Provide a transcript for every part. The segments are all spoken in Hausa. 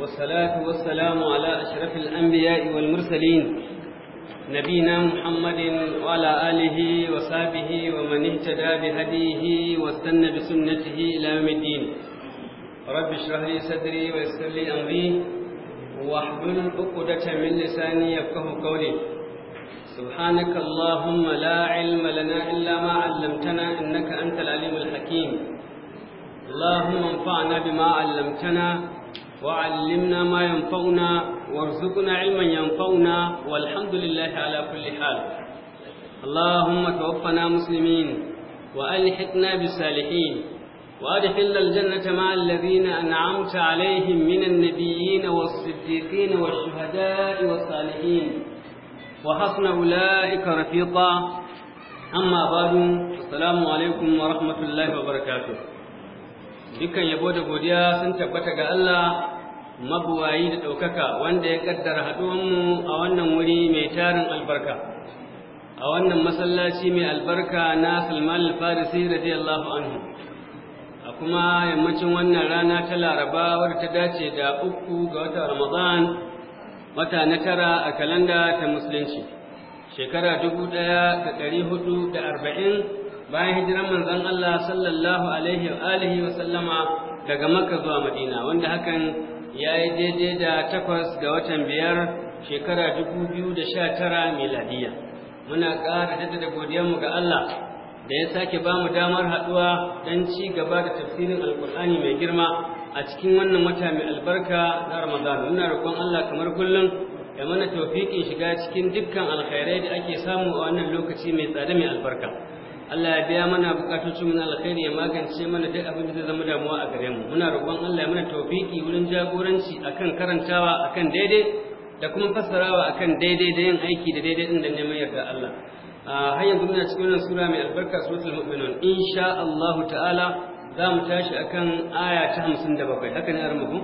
والصلاة والسلام على أشرف الأنبياء والمرسلين نبينا محمد وعلى آله وصحبه ومن اهتدى بهديه واستنى بسنته إلى يوم الدين رب اشرح لي صدري ويسر لي أمري واحلل عقدة من لساني يفقه قولي سبحانك اللهم لا علم لنا إلا ما علمتنا إنك أنت العليم الحكيم اللهم انفعنا بما علمتنا وعلمنا ما ينفعنا وارزقنا علما ينفعنا والحمد لله على كل حال اللهم توفنا مسلمين وألحقنا بالصالحين وأدخلنا الجنة مع الذين أنعمت عليهم من النبيين والصديقين والشهداء والصالحين وحسن أولئك رفيقا أما بعد السلام عليكم ورحمة الله وبركاته dukkan yabo da godiya sun tabbata ga Allah mabuwayi da ɗaukaka wanda ya kaddara mu a wannan wuri mai tarin albarka a wannan masallaci mai albarka na salman al-farisi radiyallahu anhu a kuma yammacin wannan rana ta laraba wadda ta dace da uku ga wata ramadan wata na tara a kalanda ta musulunci shekara dubu ɗaya da ɗari hudu da arba'in bayan hijiran manzon allah sallallahu alaihi wa wa sallama daga makka zuwa madina wanda hakan ya yi daidai da takwas ga watan biyar shekara dubu biyu da sha tara miladiya muna ƙara jaddada godiyarmu ga Allah da ya sake ba mu damar haɗuwa don ci gaba da tafsirin alkur'ani mai girma a cikin wannan wata mai albarka na ramadan muna roƙon Allah kamar kullum ya mana taufiƙin shiga cikin dukkan alkhairai da ake samu a wannan lokaci mai tsada mai albarka Allah ya biya mana bukatun su mun alkhairi ya magance mana duk abin da zai zama damuwa a gare mu muna roƙon Allah ya mana tawfiki wurin jagoranci akan karantawa akan daidai da kuma fassarawa akan daidai da yin aiki da daidai din da neman yarda Allah har yanzu muna cikin wannan sura mai albarka suratul mu'minun insha Allah ta'ala za mu tashi akan aya ta 57 haka ne armuku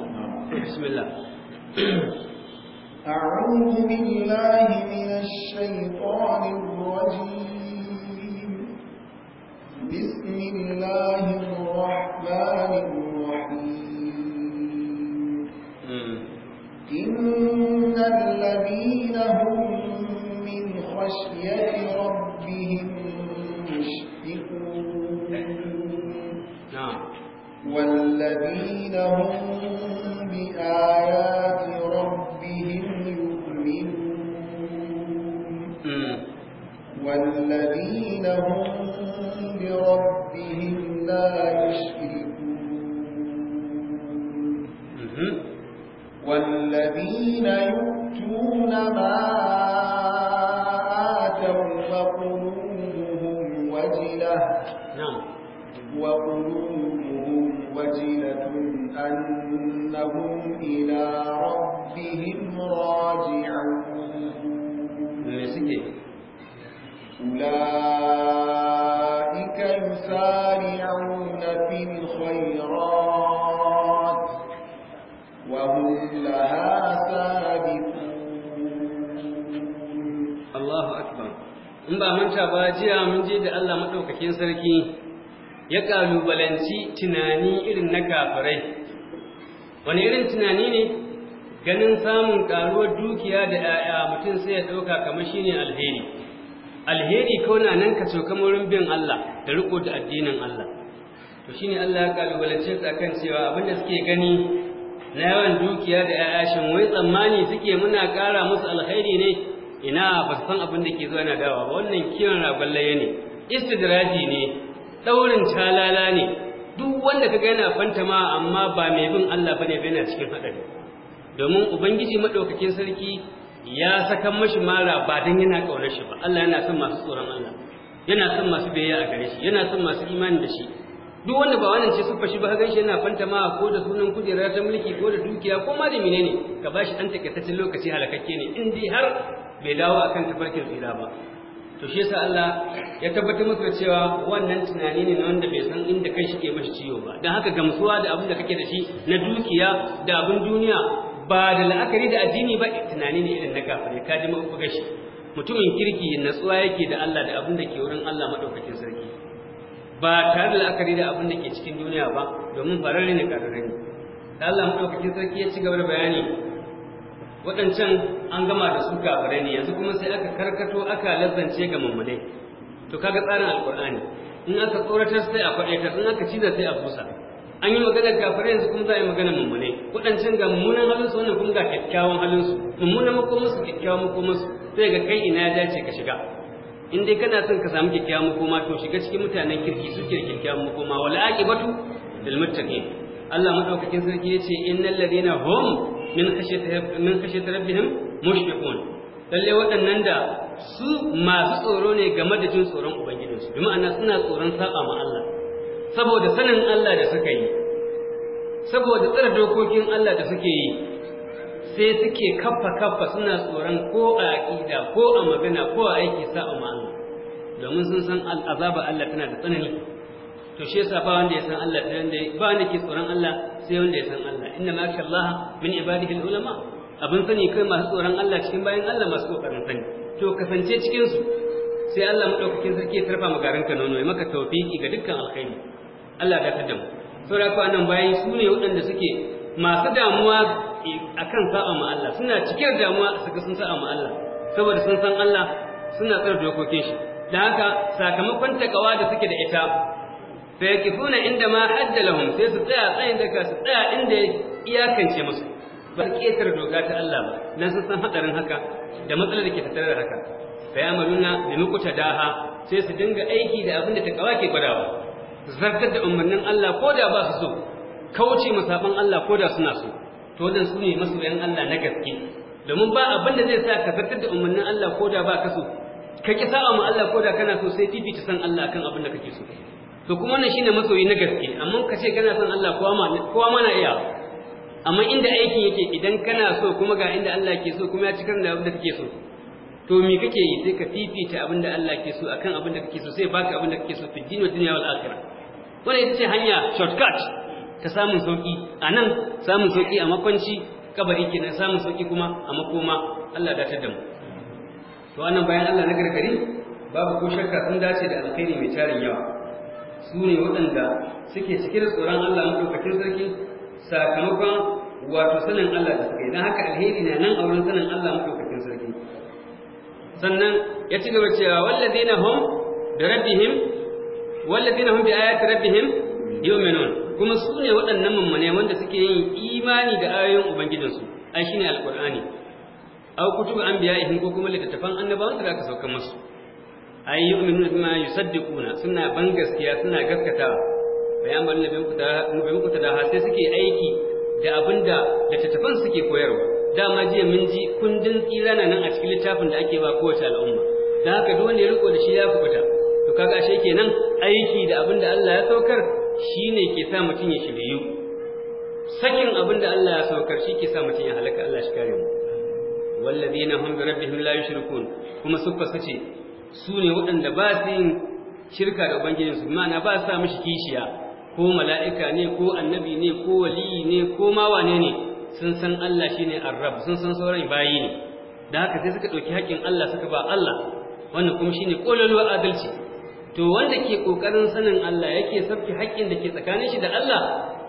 bismillah أعوذ بالله من الشيطان الرجيم بسم الله الرحمن الرحيم إن الذين هم من خشية ربهم مشفقون والذين هم بآيات ربهم يؤمنون والذين هم بربهم لا يشركون والذين يؤتون ما آتوا فقلوبهم وجلة نعم. وقلوبهم وجلة أنهم إلى ربهم راجعون أولئك يسارعون في الخيرات وهم لها سابقون الله أكبر in ba manta ba jiya mun je da Allah maɗaukakin sarki ya ƙalubalanci tunani irin na kafirai wani irin tunani ne ganin samun ƙaruwar dukiya da 'ya'ya mutum sai ya ɗauka kamar shine alheri alheri ko na nan ka sauka murin bin Allah da riko da addinin Allah to shine Allah ya kalubalance su cewa abin da suke gani na yawan dukiya da yayashin wai tsammani suke muna ƙara musu alheri ne ina ba san abin da ke zuwa na dawa ba wannan kiran raballaye ne istidraji ne daurin talala ne duk wanda kaga yana fantama amma ba mai bin Allah bane bai na cikin hadari domin ubangiji madaukakin sarki ya saka mashi mara ba dan yana ƙaunar shi ba Allah yana son masu tsoron Allah yana son masu biyayya a gare shi yana son masu imani da shi duk wanda ba wannan ce suffa shi ba ka shi yana fantama ko da sunan kujerar ta mulki ko da dukiya ko ma da menene ka shi dan takaitaccen lokaci halakakke ne in dai har bai dawo akan tafarkin tsira ba to shi yasa Allah ya tabbatar musu cewa wannan tunani ne na wanda bai san inda kai shi ke mashi ciwo ba dan haka gamsuwa da abin da kake da shi na dukiya da abin duniya ba da la'akari da addini ba tunani ne irin na kafirai ka ji muku gashi mutumin kirki natsuwa yake da Allah da abin da ke wurin Allah madaukakin sarki ba tare da la'akari da abin da ke cikin duniya ba domin farar ne kafirai ne da Allah madaukakin sarki ya ci gaba da bayani waɗancan an gama da su kafirai ne yanzu kuma sai aka karkato aka lazzance ga mummunai to kaga tsarin alqur'ani in aka tsoratar sai a ta in aka ciza sai a busa an yi maganar gafare yanzu kuma za a yi maganar mummune waɗancan ga mummunan halinsu wannan kuma ga kyakkyawan halinsu mummunan makomansu kyakkyawan makomansu sai ga kai ina ya dace ka shiga in dai kana son ka samu kyakkyawan makoma to shiga cikin mutanen kirki suke da kyakkyawan makoma wala aqibatu lil muttaqin Allah madaukakin sarki yace innal ladina hum min khashyati min khashyati rabbihim mushfiqun lalle waɗannan da su masu tsoro ne game da jin tsoron ubangijinsu bi ma'ana suna tsoron saba ma Allah saboda sanin Allah da suka yi saboda tsara dokokin Allah da suke yi sai suke kaffa kaffa suna tsoron ko a ƙida, ko a magana ko a aiki sa ma domin sun san azaba Allah tana da tsanani to shi yasa ba wanda ya san Allah ta wanda ba wanda ke tsoron Allah sai wanda ya san Allah inna ma sha Allah min ibadihi ulama abin sani kai masu tsoron Allah cikin bayan Allah masu kokarin sani to kasance cikin su sai Allah madaukakin sarki ya tarfa magarin ka nono ya maka tawfiki ga dukkan alkhairi Allah da mu saboda haka bayi su ne waɗanda suke masu damuwa akan sa'a ma Allah suna cikin damuwa saka sun sa'a ma Allah saboda sun san Allah suna tsare dokokin shi da haka sakamakon takawa da suke da ita fa yakifuna inda ma hadda lahum sai su tsaya tsayin daka su tsaya inda iyakance musu ba ketar doka ta Allah ba nan sun san hadarin haka da matsalar da ke tattare da haka fa yamaluna bi muqtadaha sai su dinga aiki da abin da takawa ke gwadawa zartar da umarnin Allah ko da ba su so kauce masaban Allah ko da suna so to wannan su ne bayan Allah na gaske domin ba abin da zai sa ka zartar da umarnin Allah ko da ba ka so ka ki sa'a ma Allah ko da kana so sai fifita san Allah kan abin da kake so to kuma wannan shine masoyi na gaske amma ka ce kana son Allah kowa ma kowa ma na iya amma inda aikin yake idan kana so kuma ga inda Allah ke so kuma ya cikar da abin da kake so to me kake yi sai ka fifita abin da Allah ke so akan abin da kake so sai baka abin da kake so fi dini duniya wal akhirah wannan ita ce hanya shortcut ta samun sauki a nan samun sauki a makwanci kabari kenan samun sauki kuma a makoma Allah da ta damu to wannan bayan Allah na gargari babu ko shakka sun dace da alkhairi mai tarin yawa su ne waɗanda suke cike da tsoron Allah madaukakin sarki sakamakon wato sanin Allah da suka yi don haka alheri na nan a wurin sanin Allah madaukakin sarki sannan ya ci gaba cewa wallazina hum da rabbihim wallazina hum bi ayati rabbihim yu'minun kuma su ne waɗannan mummune wanda suke yin imani da ayoyin ubangidansu. ai shine alqur'ani aw kutubu anbiya'ihim ko kuma littattafan annabawan da aka sauka musu ai yu'minuna bima yusaddiquna suna ban gaskiya suna gaskata. bayan ban nabi muku da da sai suke aiki da abinda littattafan suke koyarwa dama jiya mun ji kundin tsira nan a cikin littafin da ake ba kowace al'umma da haka duk wanda ya riko da shi ya kubuta to kaga shi kenan aiki da abin da Allah ya saukar shine ke sa mutum ya shiryu sakin abin da Allah ya saukar shi ke sa mutum ya halaka Allah shi kare mu wallazina hum rabbihim la yushrikun kuma suka sace su ne waɗanda ba su yin shirka da su ma'ana ba sa mishi kishiya ko mala'ika ne ko annabi ne ko Wali ne ko ma wane ne sun san Allah shine arrab sun san sauran bayi ne da haka sai suka ɗauki haƙƙin Allah suka ba Allah wannan kuma shine adalci to wanda ke kokarin sanin Allah yake sauki haƙƙin da ke tsakanin shi da Allah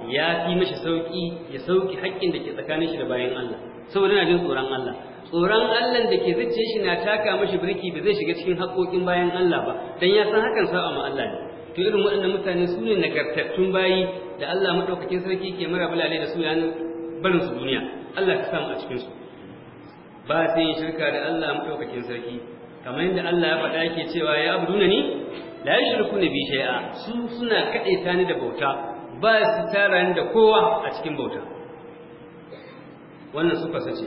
ya fi mashi sauki ya sauki haƙƙin da ke tsakanin shi da bayan Allah saboda yana jin tsoron Allah tsoron Allah da ke zuciyar shi na taka mashi birki ba zai shiga cikin haƙƙoƙin bayan Allah ba dan ya san hakan sa'a ma Allah ne to irin waɗannan mutane su ne nagartattun bayi da Allah madaukakin sarki ke mara bulale da su yanar barin su duniya Allah ka samu a cikin su ba sai shirka da Allah madaukakin sarki kamar yadda Allah ya faɗa yake cewa ya abuduna ni la yushriku bi shay'a su suna kade ni da bauta ba su tara ni da kowa a cikin bauta wannan suka sace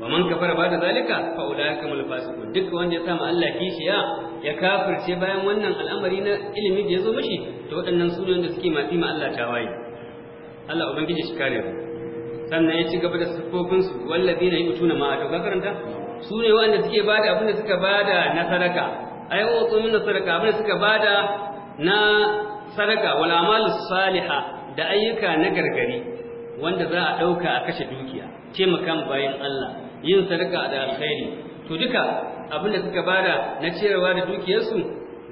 wa man kafara ba da zalika fa ulaika mul fasiqun duk wanda ya sama Allah kishiya ya kafirce bayan wannan al'amari na ilimi da yazo mishi to waɗannan su ne wanda suke matsi ma Allah tawaye Allah ubangiji shi kare mu sannan ya ci gaba da sifofin su wallazina yutuna ma to ka karanta su ne wanda suke bada abin da suka bada na sadaka ai wa min sadaka abin suka bada na sadaka wal amal salihah da ayyuka na gargari wanda za a dauka a kashe dukiya taimaka bayan Allah yin sadaka da alkhairi to duka abin da suka bada na ciyarwa da dukiyarsu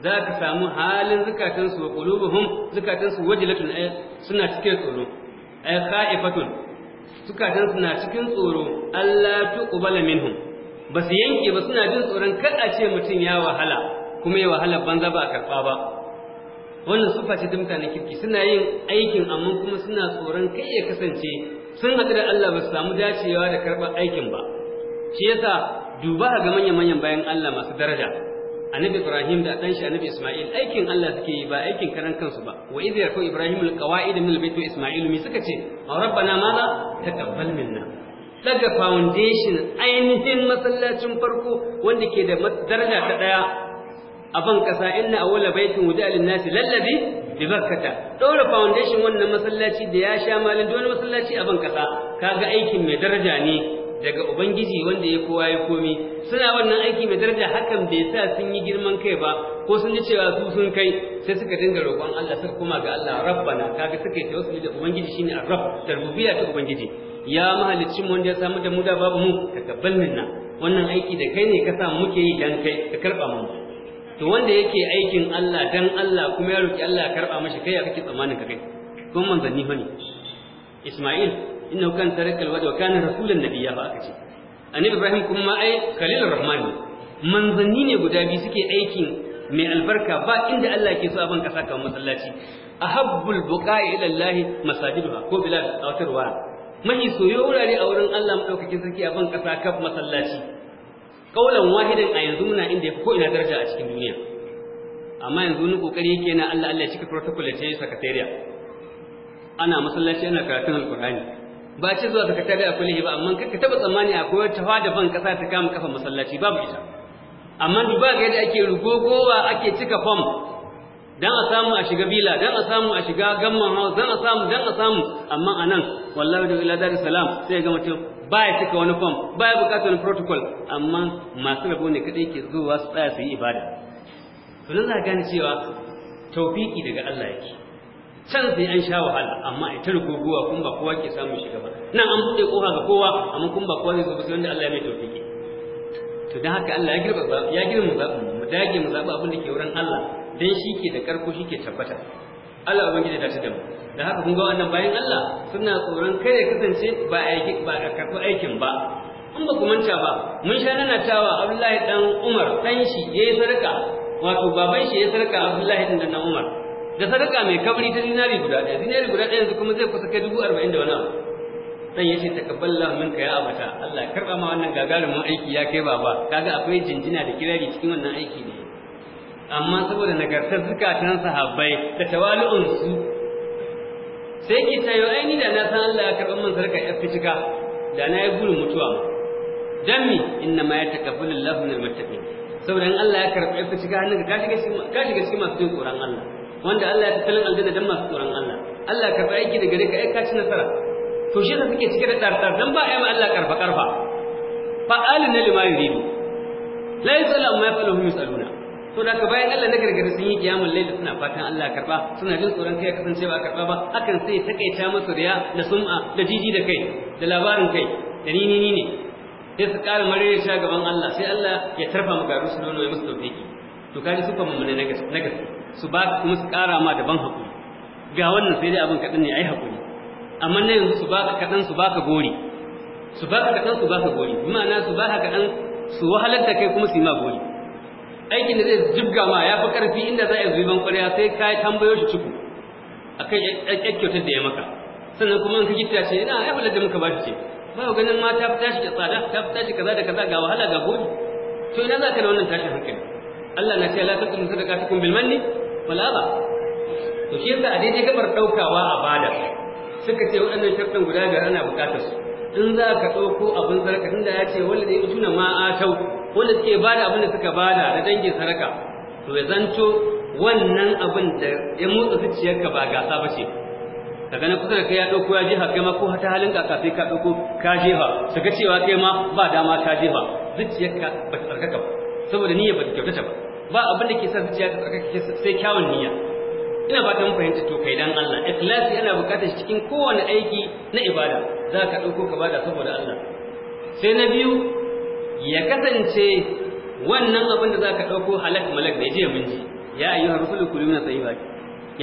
za ka samu halin zukatansu wa qulubuhum zukatansu wajilatun eh, suna cikin tsoro ay kha'ifatun zukatansu na cikin tsoro Allah tuqbala minhum ba su yanke ba suna jin tsoron kada ce mutum ya wahala kuma ya wahala banza ba a karɓa ba wannan su ce ta mutanen kirki suna yin aikin amma kuma suna tsoron kai ya kasance sun haɗu da Allah ba su samu dacewa da karɓar aikin ba shi yasa duba ga manyan manyan bayan Allah masu daraja annabi Ibrahim da ɗanshi annabi Isma'il aikin Allah suke yi ba aikin karan kansu ba wa ya yarku Ibrahim alqawaid min albayt wa Isma'il mi suka ce rabbana la taqabbal minna daga foundation ainihin masallacin farko wanda ke da daraja ta daya a ban kasa inna awwala baitin wudi'a lin-nasi lallazi bi barkata Dole foundation wannan masallaci da ya sha malin da masallaci a ban kasa kaga aikin mai daraja ne daga ubangiji wanda ya kowa ya komi suna wannan aiki mai daraja hakan bai sa sun yi girman kai ba ko sun ji cewa su sun kai sai suka dinga roƙon Allah suka kuma ga Allah rabbana kaga suka yi tawassuli da ubangiji shine ar-rabb tarbiyya ta ubangiji ya mahalicci mu wanda ya samu da mu da babu mu ka kabbal minna wannan aiki da kai ne ka sa muke yi dan kai ka karba mu to wanda yake aikin Allah dan Allah kuma ya roki Allah ya karba mashi kai ya kake tsammanin ka kai kun manzanni fa ne Isma'il innahu kan tarakal wada wa kana rasulan nabiyya ba aka ce annabi Ibrahim kuma ai khalilur rahman manzanni ne guda biyu suke aikin mai albarka ba inda Allah ke so a ka saka masallaci ahabbul buqa'i ila Allah masajiduha ko bilal tawtarwa mahi soyo wurare a wurin Allah madaukakin sarki a ban kasa kaf masallaci kaulan wahidin a yanzu muna inda fi ko'ina daraja a cikin duniya amma yanzu ni kokari yake na Allah Allah ya cika protocol ya ce sakatariya ana masallaci ana karatun alkur'ani ba ce zuwa a kulli ba amma kaka taba tsammani a koyar ta fada ban kasa ta kama kafa masallaci babu ita amma duba ga yadda ake rugogowa ake cika form dan a samu a shiga bila dan a samu a shiga gamman house dan a samu dan a samu amma anan wallahi da ila dar salam sai ga mutum baya cika wani form baya bukatar protocol amma masu rabo ne kadai ke zuwa su tsaya su yi ibada to nan za gane cewa tawfiki daga Allah yake can sai an sha wahala amma a ita ruguguwa kun ba kowa ke samu shiga ba nan an buɗe kofa ga kowa amma kun ba kowa zai zo ba sai wanda Allah ya mai tawfiki to dan haka Allah ya girba ya girma mu mu dage mu zaɓa abin da ke wurin Allah dan shi ke da karko shi ke tabbata Allah ubangiji da ta da mu da haka kun ga wannan bayan Allah suna tsoron kai ya kasance ba aiki ba a karɓi aikin ba in ba ku manta ba mun sha tawa Abdullahi dan Umar dan shi ya yi sarka wato baban shi ya yi sarka Abdullahi dan dan Umar da sadaka mai kabri ta dinari guda ɗaya dinari guda ɗaya yanzu kuma zai kusa kai dubu arba'in da wani abu dan ya ce takabballah min ka ya abata Allah karɓa ma wannan gagarumin aiki ya kai baba kaga akwai jinjina da kirari cikin wannan aiki ne amma saboda nagartar zukatan sahabbai da tawali'un su sai ki tayo aini da na san Allah ya karɓi min sarka ya fitika da na yi gudu mutuwa dan inna ma yatakabbalu Allahu minal muttaqin saboda in Allah ya karɓi ya fitika hannunka ka shiga cikin ka shiga cikin masu jin tsoron Allah wanda Allah ya tattalin aljanna dan masu tsoron Allah Allah ya karɓi aiki da gare ka ai ka ci nasara to shi da suke cike da tartar dan ba ai ma Allah karfa karfa alina lima yuridu laysa lahum ma yafaluhu yusaluna to da ka bayan Allah na gargara sun yi kiyamun layl suna fatan Allah karba suna jin tsoron kai san ba karba ba hakan sai takaita musu riya da sum'a da jiji da kai da labarin kai da ni ni ne sai su ƙara sha gaban Allah sai Allah ya tarfa mu garu su nono ya musu tawfiki to kaji su famu ne na gaske su ba kuma su ƙara ma daban hakuri ga wannan sai dai abin kadan ne ai hakuri amma na yanzu su ka kadan su ba ka gori su ba ka kadan su ba ka gori bi ma'ana su ba ka kadan su wahalar da kai kuma su yi ma gori aikin da zai jibga ma ya fi ƙarfi inda za a yi zuban ƙwarya sai ka tambayo shi ciku a kan kyautar da ya maka sannan kuma in ka gita ce ina ai hular da muka ba shi ce ba ganin ma ta fi tashi da tsada ta fi tashi kaza da kaza ga wahala ga gobe to ina za ka da wannan tashin hankali Allah na ce la taqulu sadaka bil manni wal adha to shi yasa a daidai gabar ɗaukawa a bada suka ce waɗannan sharɗan guda biyar ana buƙatar su in za ka ɗauko abin sarka da ya ce wanda ya tuna ma a wanda suke da abin da suka da na dangin saraka to ya zanto wannan abin da ya motsa zuciyarka ba gasa ba ce daga na kusa da kai ya ɗauko ya jefa kai ma ko ta halin ka sai ka ɗauko ka jefa su ga cewa kai ma ba dama ka jefa zuciyarka ba ta tsarkaka ba saboda niyya ba ta kyautata ba ba abin da ke sa zuciya ta tsarkaka sai kyawun niyya ina ba ta mun fahimta to kai dan Allah ikhlasi yana buƙatar cikin kowane aiki na ibada za ka ɗauko ka bada saboda Allah sai na biyu ya kasance wannan abin da za ka ɗauko halak malak ne je mun ji ya ayyuha rusulu kulu min tayyibati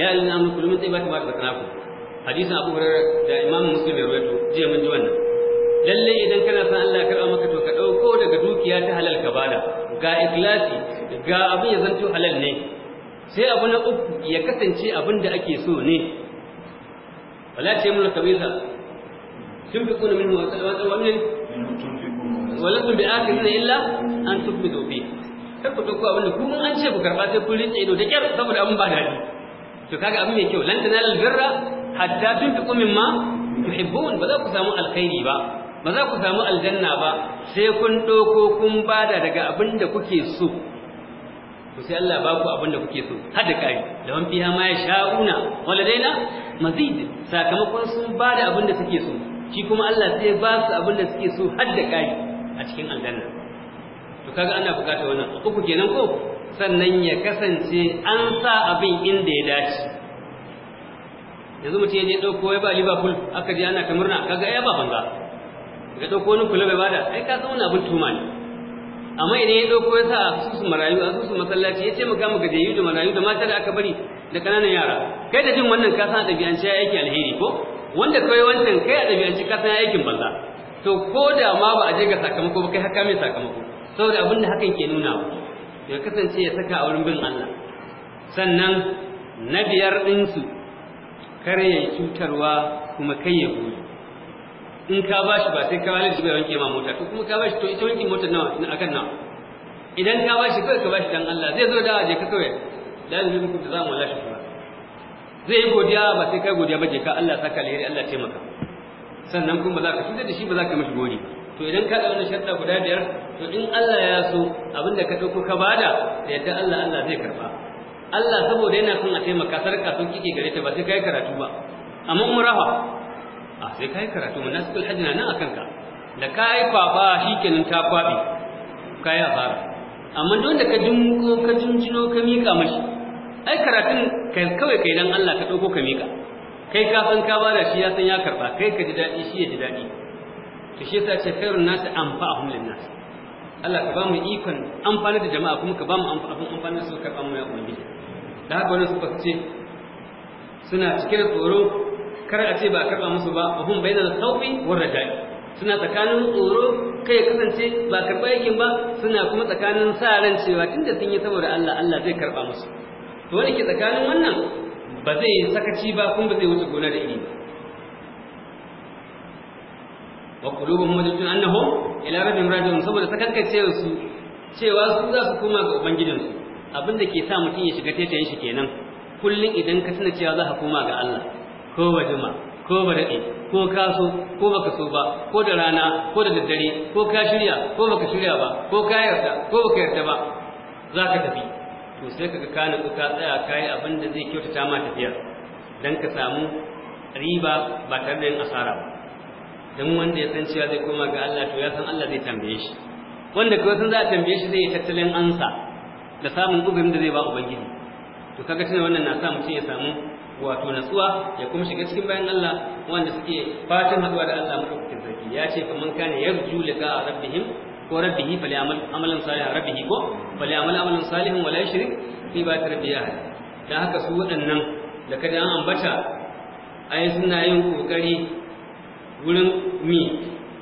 ya ayyuha amanu kulu ba tayyibati ma razaqnakum hadisin Abu Hurairah da Imam Muslim ya rawaito je mun ji wannan lalle idan kana san Allah ya karɓa maka to ka dauko daga dukiya ta halal ka bada ga ikhlasi ga abin ya zanto halal ne sai abu na uku ya kasance abin da ake so ne wala ce mun kabila sun fi kuna min wa min walakum bi akhirina illa an tubidu fi kar ku dauko abin da ku an ce ku karba sai ku rinse ido da kyar saboda abin ba daɗi to kaga abin mai kyau lan tanalul birra hatta tunfiqu mimma tuhibbun ba za ku samu alkhairi ba ba za ku samu aljanna ba sai kun dauko kun bada daga abin da kuke so to sai Allah ba ku abin da kuke so hada kai da wan fiha ma yasha'una waladaina mazid sakamakon sun bada abin da suke so shi kuma Allah sai ba su abin da suke so hada kai a cikin aljanna to kaga ana bukata wannan uku kenan ko sannan ya kasance an sa abin inda ya dace yanzu mutum yaje je ya ba liverpool aka je ana ta murna kaga ya ba banza ga ɗauko wani kula bai bada ai ka san wani abin tuma ne amma idan ya ɗauko ya sa su marayu su masallaci ya ce mu gajiyayyu da marayu da mata da aka bari da ƙananan yara kai da jin wannan ka san ɗabi'ance ya aiki alheri ko wanda kai wancan kai a ɗabi'ance ka san aikin banza to ko da ma ba a je ga sakamako ba kai haka mai sakamako saboda abin da hakan ke nuna wa ya kasance ya saka a wurin bin Allah sannan na biyar ɗinsu kar cutarwa kuma kai ya goyi in ka ba shi ba sai ka wale bai wanke ma mota to kuma ka ba shi to ita wanke mota nawa akan nawa idan ka ba shi kawai ka ba shi dan Allah zai zo da je ka kawai la ilaha ku za mu lashe zai yi godiya ba sai kai godiya ba je ka Allah saka alheri Allah taimaka sannan kuma za ka cutar da shi ba za ka mashi gori to idan ka da wannan sharda guda biyar to in Allah ya so abinda ka dauko ka bada da yadda Allah Allah zai karba Allah saboda yana son a taimaka sarka sun kike gare ta ba sai kai karatu ba amma umraha a sai kai karatu munasikul hajji na nan akan ka da kai kwaba shikenan ta kwabi kai fara. amma don da ka jinko ka jinjino ka mika mashi ai karatun kai kawai kai dan Allah ka dauko ka mika kai ka san ka bada shi ya san ya karba kai ka ji daɗi shi ya ji daɗi to shi yasa ce khairun nasi lin nas Allah ka ba mu ikon amfani da jama'a kuma ka ba mu abin amfani su ka mu ya ubangiji da haka wannan suka ce suna cikin tsoro kar a ce ba karɓa musu ba hum bainal khawfi war raja'i suna tsakanin tsoro kai kasance ba karɓa yakin ba suna kuma tsakanin sa ran cewa tunda sun yi saboda Allah Allah zai karɓa musu to wani ke tsakanin wannan ba zai yi sakaci ba kuma ba zai wuce gona da ilimi wa kulubun wajidun annahu ila rabbihim raji'un saboda sakankace su cewa su za su koma ga ubangijinsu abinda ke sa mutum ya shiga tetayen shi kenan kullum idan ka tuna cewa za ka koma ga Allah ko ba juma ko ba daɗe ko ka so ko baka so ba ko da rana ko da daddare ko ka shirya ko baka shirya ba ko ka yarda ko baka yarda ba za ka tafi to sai kaga ka nutsu ka tsaya kai abin da zai kyautata ma tafiyar dan ka samu riba ba tare da yin asara ba dan wanda ya san cewa zai koma ga Allah to ya san Allah zai tambaye shi wanda kawai san za a tambaye shi zai yi tattalin ansa da samun uzurin da zai ba ubangiji to kaga tana wannan na sa mutum ya samu wato natsuwa ya kuma shiga cikin bayan Allah wanda suke fatan haɗuwa da Allah mutum zaki. ya ce kamar kana yarju liqa rabbihim ko rabbihi falyamal amalan salihan rabbihi ko falyamal amalan salihan wala yushrik fi ba tarbiya dan haka su waɗannan da kada an ambata ai suna yin kokari wurin mi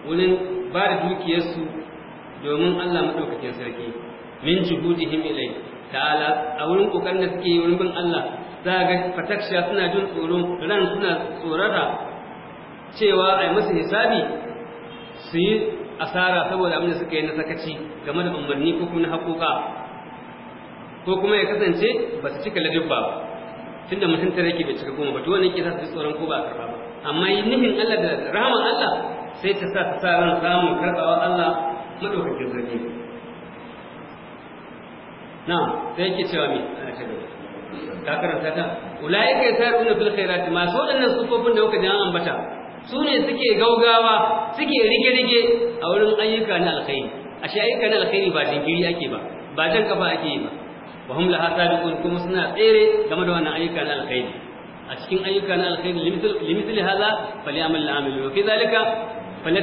wurin ba da dukiyarsu domin Allah madaukakin sarki min juhudihim ilai ta'ala a wurin kokarin da suke yi wurin bin Allah za ga fataksha suna jin tsoron ran suna tsorata cewa ai musu hisabi su yi asara saboda abin da suka yi na sakaci game da umarni ko kuma na haƙoƙa ko kuma ya kasance ba su cika ladin ba tunda mutum tare yake bai cika goma ba to wannan yake sa su tsoron ko ba karɓa ba amma yi nufin Allah da rahaman Allah sai ta sa ta sa ran samun karɓawa Allah madaukakin sarki na sai yake cewa me ana cewa ka karanta ta ulaika yasaruna fil khairat masu waɗannan sufofin da kuka ji an ambata su ne suke gaugawa suke rige-rige a wurin ayyuka na alkhairi ashe ayyuka na alkhairi ba jinkiri ake ba ba jan kafa ake yi ba wa hum laha sabiqun kuma suna tsere game da wannan ayyuka na alkhairi a cikin ayyuka na alkhairi fali amal la amil wa fi zalika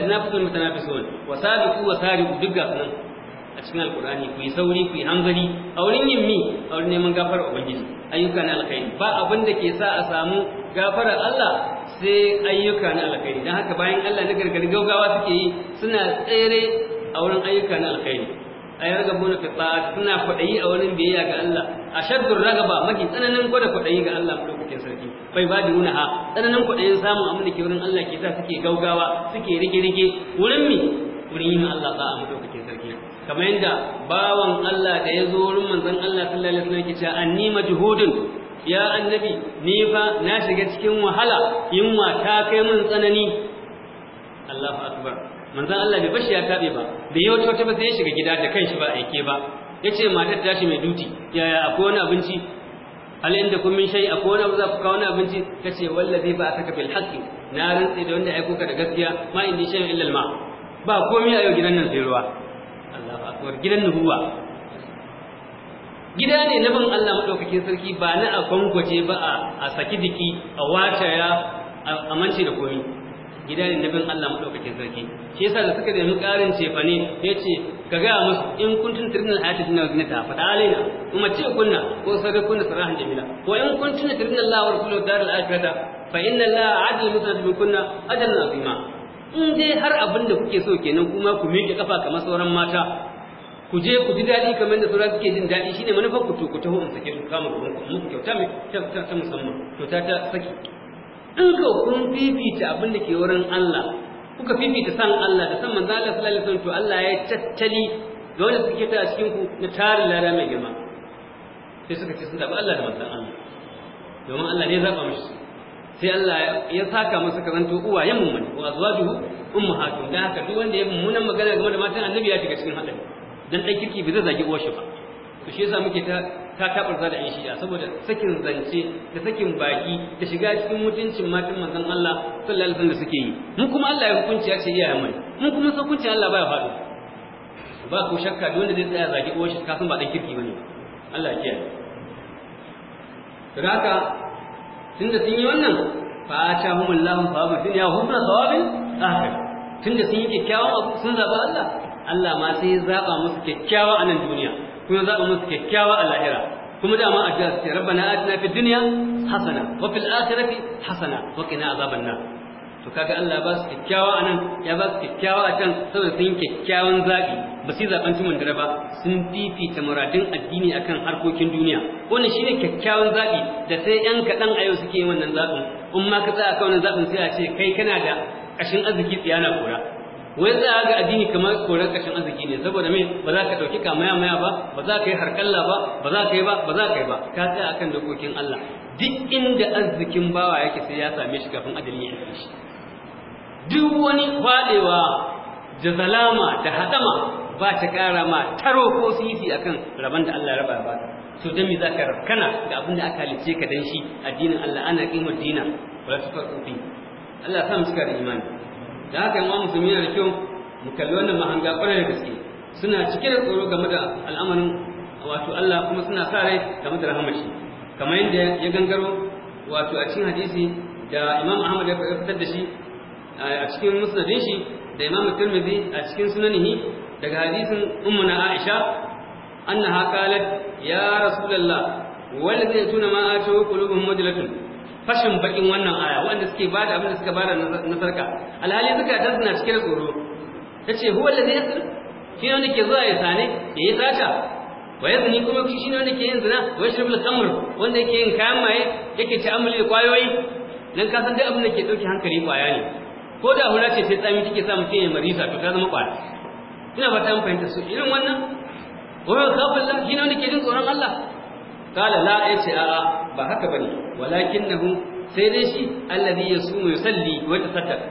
nafsu mutanafisun wa sabiqu wa sariqu dukkan sunan a cikin alqur'ani ku yi sauri ku yi hanzari a wurin yin mi a wurin neman gafarar ubangiji ayyuka na alkhairi ba abin da ke sa a samu gafarar Allah sai ayyuka na alkhairi don haka bayan Allah na gargari gaugawa suke yi suna tsere a wurin ayyuka na alkhairi yi ragabuna fi ta'at suna kwaɗayi a wurin biyayya ga Allah A ashaddur ragaba mafi tsananin gwada kwaɗayi ga Allah lokacin sarki bai ba da nuna ha tsananin kwaɗayin samun amniki wurin Allah ke sa suke gaugawa suke rike-rike wurin mi wurin yin Allah a lokacin sarki kamar yadda bawan Allah da ya zo wurin manzon Allah sallallahu alaihi wasallam ke cewa anni majhudun ya annabi ni fa na shiga cikin wahala yunwa ta kai min tsanani Allahu akbar manzon Allah bai bashi ya kabe ba bai yi wata ba sai ya shiga gida da kanshi ba aike ba yace matar tashi mai duti yaya akwai wani abinci hal inda kun min shay akwai wani abu za ku kawo wani abinci kace wallazi ba ataka bil haqqi na rantsi da wanda aiko ka da gaskiya ma indi shay illa al ma ba komai a yau gidan nan sai ruwa Allahu akbar gidan nubuwa gida ne na ban Allah maɗaukakin sarki ba na a gwangwaje ba a saki diki a wataya a mance da komi gida ne na bin Allah maɗaukakin sarki shi yasa da suka nemi ƙarin cefane ya ce ka gaya musu in kun kuntun turin alhayata wajen ta faɗa alaina kuma ce kunna ko sadakunna sarahan jamila ko in kun kuntun turin Allah wa rasuluhu darul akhirata fa inna Allah adil mutadabbi kunna ajran azima in dai har abin da kuke so kenan kuma ku miƙe kafa kamar sauran mata ku je ku ji daɗi kamar da sauran suke jin daɗi shine manufar ku to ku taho in sake su kama gaban ku mu kyauta mai ta musamman kyauta ta saki in ka kun fifita abin da ke wurin Allah kuka fifita san Allah da san manzo Allah sallallahu alaihi wasallam to Allah ya tattali da wanda suke ta cikin ku na tarin lada mai girma sai suka ce sun zaɓi Allah da manzon Allah domin Allah ne ya zaɓa musu sai Allah ya saka masa karanto uwayen mummuni wa azwajuhu ummahatun da haka duk wanda ya mummunan magana game da matan annabi ya shiga cikin haɗari. dan dan kirki bai zai zagi uwar shi ba to shi yasa muke ta ta tabarza da yan shi'a saboda sakin zance da sakin baki da shiga cikin mutuncin matan manzon Allah sallallahu alaihi wasallam da suke yi mun kuma Allah ya hukunci ya ce iyaye mai mun kuma sai hukunci Allah baya faɗo ba ku shakka duk wanda zai tsaya zagi uwar shi san ba dan kirki bane Allah ya kiyaye haka tunda sun yi wannan fa atahumullahu fa bi dunya hum sawabin akhir tunda sun yi kyakkyawan sun zaba Allah Allah ma sai ya zaba musu kyakkyawa a nan duniya kuma zaba musu kyakkyawa a lahira kuma dama addu'a su ce rabbana atina fid dunya hasana wa fil akhirati hasana wa qina azaban nar to kaga Allah ba su kyakkyawa nan ya ba su kyakkyawa a can saboda sun yi kyakkyawan zabi ba su zaben tumun dare ba sun fifita muradin addini akan harkokin duniya wannan shine kyakkyawan zabi da sai yan kaɗan a yau suke yin wannan zabin umma ma ka tsaya kawai zabin sai a ce kai kana da kashin arziki tsiyana kura wai tsaya ga addini kamar koran kashin arziki ne saboda me ba za ka dauki kamaya maya ba ba za ka yi harkalla ba ba za ka yi ba ba za ka yi ba ka tsaya akan dokokin Allah duk inda arzikin bawa yake sai ya same shi kafin adali ya shi duk wani fadewa da zalama da hadama ba ta kara ma taro ko sisi akan rabon da Allah ya raba ba to dan me ka rafkana ga abin da aka halice ka dan shi addinin Allah ana kimar dina wala tufaqqi Allah ya sa mu cika da imani da haka yan musulmi yana da kyau mu kalli wannan mahanga kwarai da gaske suna cike da tsoro game da al'amarin wato Allah kuma suna sa rai game da rahamar shi kamar yadda ya gangaro wato a cikin hadisi da Imam Ahmad ya fitar da shi a cikin musnadin shi da Imam Tirmidhi a cikin sunanihi daga hadisin ummuna Aisha annaha qalat ya rasulullah والذين يأتون ما آتوا قلوبهم مجلة fashin bakin wannan aya wanda suke ba da abin da suka bada na sarka alhali suka tana cikin tsoro ta ce huwa da zai shi ne wanda ke zuwa ya sane ya yi sata wa ya zini kuma shi ne wanda ke yin zina wa ya shirbi kamar wanda yake yin kayan maye yake ci amuli da kwayoyi nan ka san duk abin da ke ɗauki hankali kwaya ne ko da hula ce sai tsami take sa mutum ya marisa to ta zama kwara ina ba ta fahimta su irin wannan wa ya kafin la shi ne wanda ke jin tsoron Allah kala la ya ce a'a ba haka bane walakinahu sai dai shi alladhi yasumu yusalli wa tasaddaq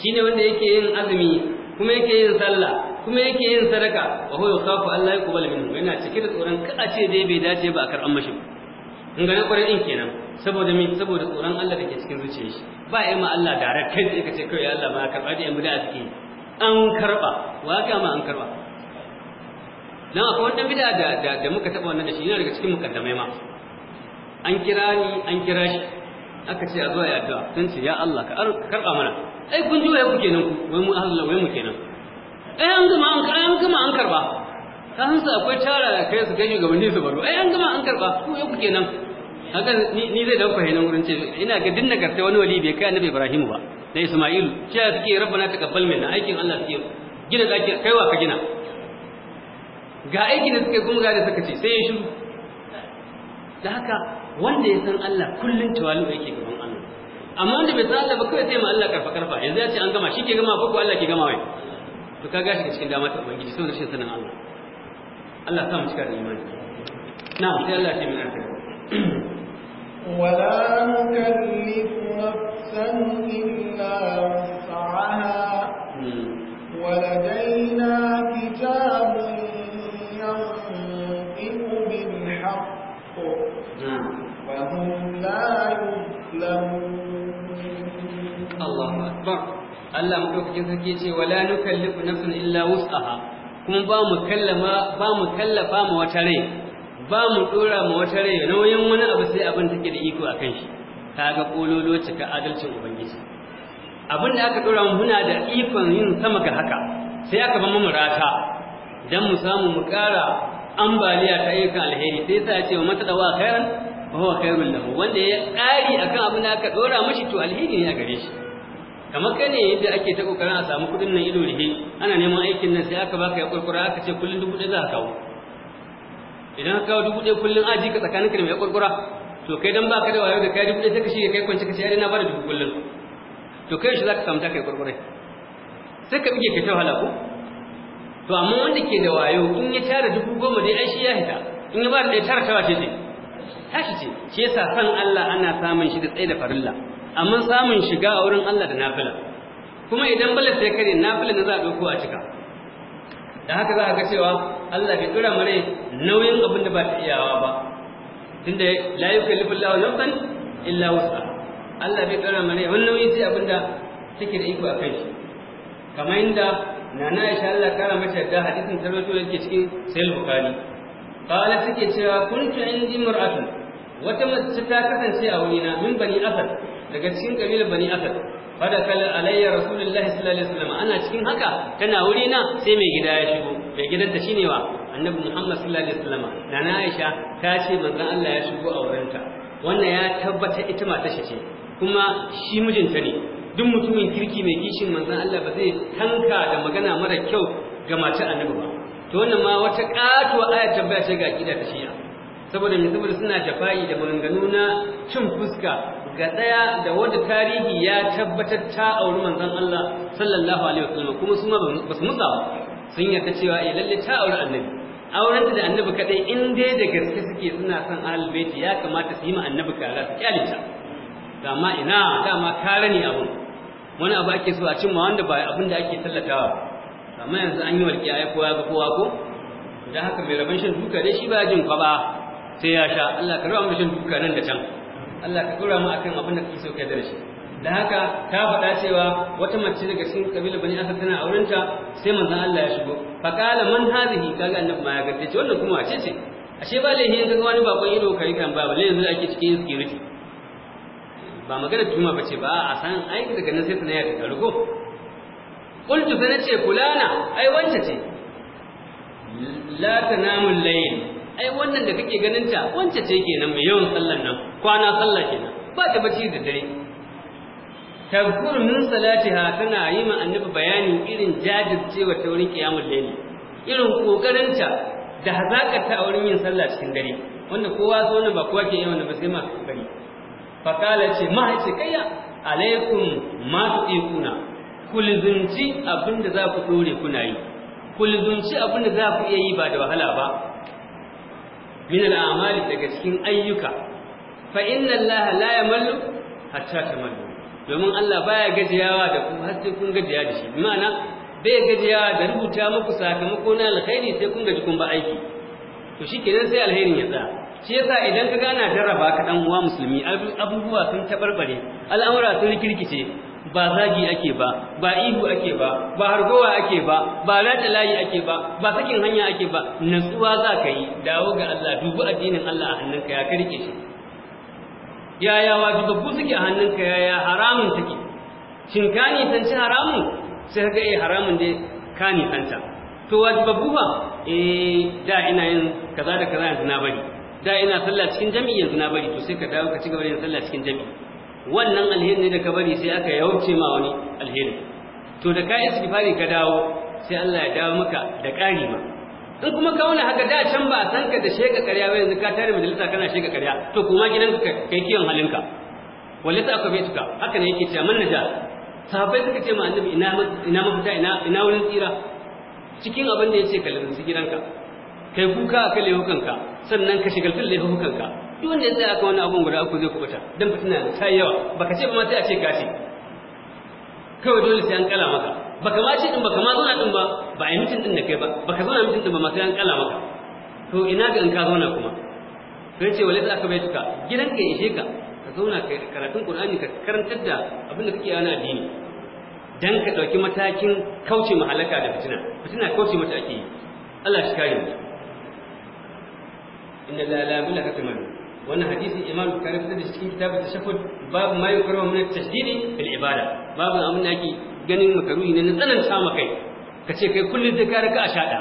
shine wanda yake yin azumi kuma yake yin sallah kuma yake yin sadaka wa huwa yakhafu an la yuqbal minhu yana cike da tsoron kada ce dai bai dace ba a karɓan mashi in ga ƙwarin in kenan saboda min saboda tsoron Allah da ke cikin zuciyar shi ba yi ma Allah direct kai sai ka ce kai Allah ma karɓa da yan a suke an karɓa wa ka ma an karɓa dan akwai wata bid'a da da muka taɓa wannan da shi yana daga cikin mukaddamai ma an kira ni an kira shi aka ce a zuwa ya ta sun ce ya Allah ka karba mana ai kun ji waye kuke nan ku wai mu Allah wai mu kenan ai an gama an karba an gama an karba ka hansa akwai tara kai su ga shugabanni su baro ai an gama an karba ku ya kuke nan haka ni zai dauka hinan wurin ce ina ga dinna garta wani wali bai kai annabi Ibrahim ba da Isma'ilu a suke rabbana taqabbal minna aikin Allah suke gina zaki kaiwa ka gina ga aikin da suka kuma ga da suka ce sai ya shiru da haka wanda ya san Allah kullun tawalu yake gaban Allah amma wanda bai san Allah ba kai sai ma Allah karfa karfa yanzu ya ce an gama shi ke gama ko Allah ke gama wai to ka gashi cikin dama ta ubangiji saboda shi sanin Allah Allah sa mu cika da imani na'am sai Allah ya ce min aka ولا نكلف نفسا إلا يظلمون Allah mu الله مدوكين سكي ce wala nukallifu nafsan illa wus'aha kuma ba mu kallama ba mu kallafa mu wata rai ba mu dora mu wata rai nauyin wani abu sai abin take da iko akan shi kaga kololo cika adalcin ubangiji abin da aka dora muna da ikon yin sama ga haka sai aka bamu murata dan mu samu mu ƙara ambaliya ta ayyukan alheri sai sa ce wa matadawa khairan huwa khairul lahu wanda ya ƙari akan abin da aka ɗora mashi to alheri ne a gare shi kamar kai ne yadda ake ta ƙoƙarin a samu kuɗin nan ido rihe ana neman aikin nan sai aka baka ya kurkura aka ce kullum dubu ɗaya za a kawo idan aka kawo dubu ɗaya kullun aji ka tsakanin da mai kurkura to kai dan baka da wayo da kai dubu ɗaya sai ka shige kai kwance ka ce ai na bada dubu kullun to kai shi za ka samu ta kai kurkure sai ka bige ka ta wahala ko to amma wanda ke da wayo in ya tara dubu goma dai ai shi ya hita in ya ba da ɗaya tara tawa ce tashi ce shi sa san Allah ana samun shi da tsaye da farilla amma samun shiga a wurin Allah da nafila kuma idan bala sai kare nafila na za a ɗauko a cika da haka za a ga cewa Allah bai ɗora mare nauyin abin da ba ta iyawa ba tunda la yukallifu Allahu nafsan illa wus'a Allah bai ɗora mare wani nauyi sai abin da take da iko a kai shi kamar yadda nana Aisha Allah kara mata da hadisin tarwato yake cikin sahih Bukhari qala take cewa كنت عندي mar'atun wata mace ta kasance a na min bani asad daga cikin kabilar bani asad fada fadakal alayya rasulullahi sallallahu alaihi wasallam ana cikin haka tana wuri na sai mai gida ya shigo mai gidanta shine wa annabi muhammad sallallahu alaihi wasallam nana aisha ta ce manzon Allah ya shigo a wurinta wannan ya tabbata ita tashi ce kuma shi mijinta ne duk mutumin kirki mai kishin manzon Allah ba zai tanka da magana mara kyau ga mace annabi ba to wannan ma wata katuwa ayat tabbata ga gida ta shiya saboda mai saboda suna jafa'i da maganganu na cin fuska ga ɗaya da wanda tarihi ya tabbatar ta auri manzon Allah sallallahu alaihi wasallam kuma su ma ba su musa sun yarda cewa eh lalle ta auri annabi auren da annabi kadai in dai da gaske suke suna son ahlul baiti ya kamata su yi ma annabi kara su kyalita dama ina dama kare ne abun wani abu ake so a cimma wanda ba abin da ake tallatawa amma yanzu an yi walƙiya ya kowa ga kowa ko da haka mai rabin shan duka dai shi ba jin kwaba sai ya sha Allah ka rama shin duka nan da can Allah ka dora mu akan abin da kake so ka da shi da haka ta faɗa cewa wata mace daga cikin kabila bani asad tana aurenta sai manzon Allah ya shigo fa qala man hadhihi kaga annabi ma ya gabe ce wannan kuma wace ce ashe ba laihi in kaga wani bakon ido kai kan ba balle yanzu ake cikin security ba magana tuma bace ba a san ai daga nan sai tana ya ta rugo qultu fa nace fulana ai wance ce la tanamul layl ai wannan da kake ganin ta wance ce kenan mai yawan sallar nan kwana sallar kenan ba ta bacci da dare tazkur min salatiha tana yi ma annabi bayanin irin jajircewa ta wurin kiyamul layli irin ta da hazakarta a wurin yin sallah cikin dare wanda kowa zo ne ba kowa ke yi wanda ba sai ma kokari fa kala ce ma ce kayya alaikum ma tuquna kulzunci abinda za ku dore kuna yi kulzunci abinda za ku iya yi ba da wahala ba min al'amali daga cikin ayyuka fa inna Allah la yamallu hatta tamallu domin Allah baya gajiyawa da ku har sai kun gajiya da shi ma'ana bai gajiyawa da rubuta muku sakamako na alkhairi sai kun gaji kun ba aiki to shikenan sai alkhairin ya tsaya shi yasa idan ka gana jarraba ka dan uwa musulmi abubuwa sun tabarbare al'amura sun rikirkice ba zagi ake ba ba ihu ake ba ba hargowa ake ba ba rada layi ake ba ba sakin hanya ake ba nutsuwa za ka yi dawo ga Allah dubu addinin Allah a hannunka ya karke shi yaya wajibabbu suke a hannunka yaya haramun take shin ka ci haramun sai ka iya eh, haramun dai ka nisanta to wajibabbu ba eh da ina yin kaza da kaza yanzu na bari da ina sallah cikin jami'i yanzu na bari to sai ka dawo ka ci gaba da yin sallah cikin jami'i wannan alheri ne da ka bari sai aka yauce ma wani alheri to da ka istighfari ka dawo sai Allah ya dawo maka da ƙari ma in kuma ka wani haka da can ba san ka da sheka ƙarya ba yanzu ka tare majalisa kana sheka ƙarya to kuma gidan ka kai kiyon halinka wallata aka bai tuka haka ne yake cewa da sahabbai suka ce ma annabi ina ina mafita ina ina wurin tsira cikin abin da yace kallon su gidanka kai kuka akan ka. sannan ka shigaltar ka. duk wanda ya tsaya aka wani abun guda uku zai kubuta dan fitina ta yi yawa baka ce ba ma sai a ce gashi kawai dole sai an kala maka baka ma ce din baka ma zauna din ba ba a yi mutum din da kai ba baka zauna mutum din ba ma sai an kala maka to ina ga in ka zauna kuma to yace wale za ka bai tuka gidan ya ishe ka ka zauna ka karatun qur'ani ka karantar da abin da kake yana addini dan ka dauki matakin kauce mahalaka da fitina fitina kauce mata ake yi Allah shi kare mu inna la la bilaka tamanu wannan hadisin imam bukhari fitar da cikin kitabu tashaffud babu ma yukarwa min tashdidi fil ibada babu abin da ake ganin makaruhi ne na tsananta kai. ka ce kai kullum sai ka a shaɗa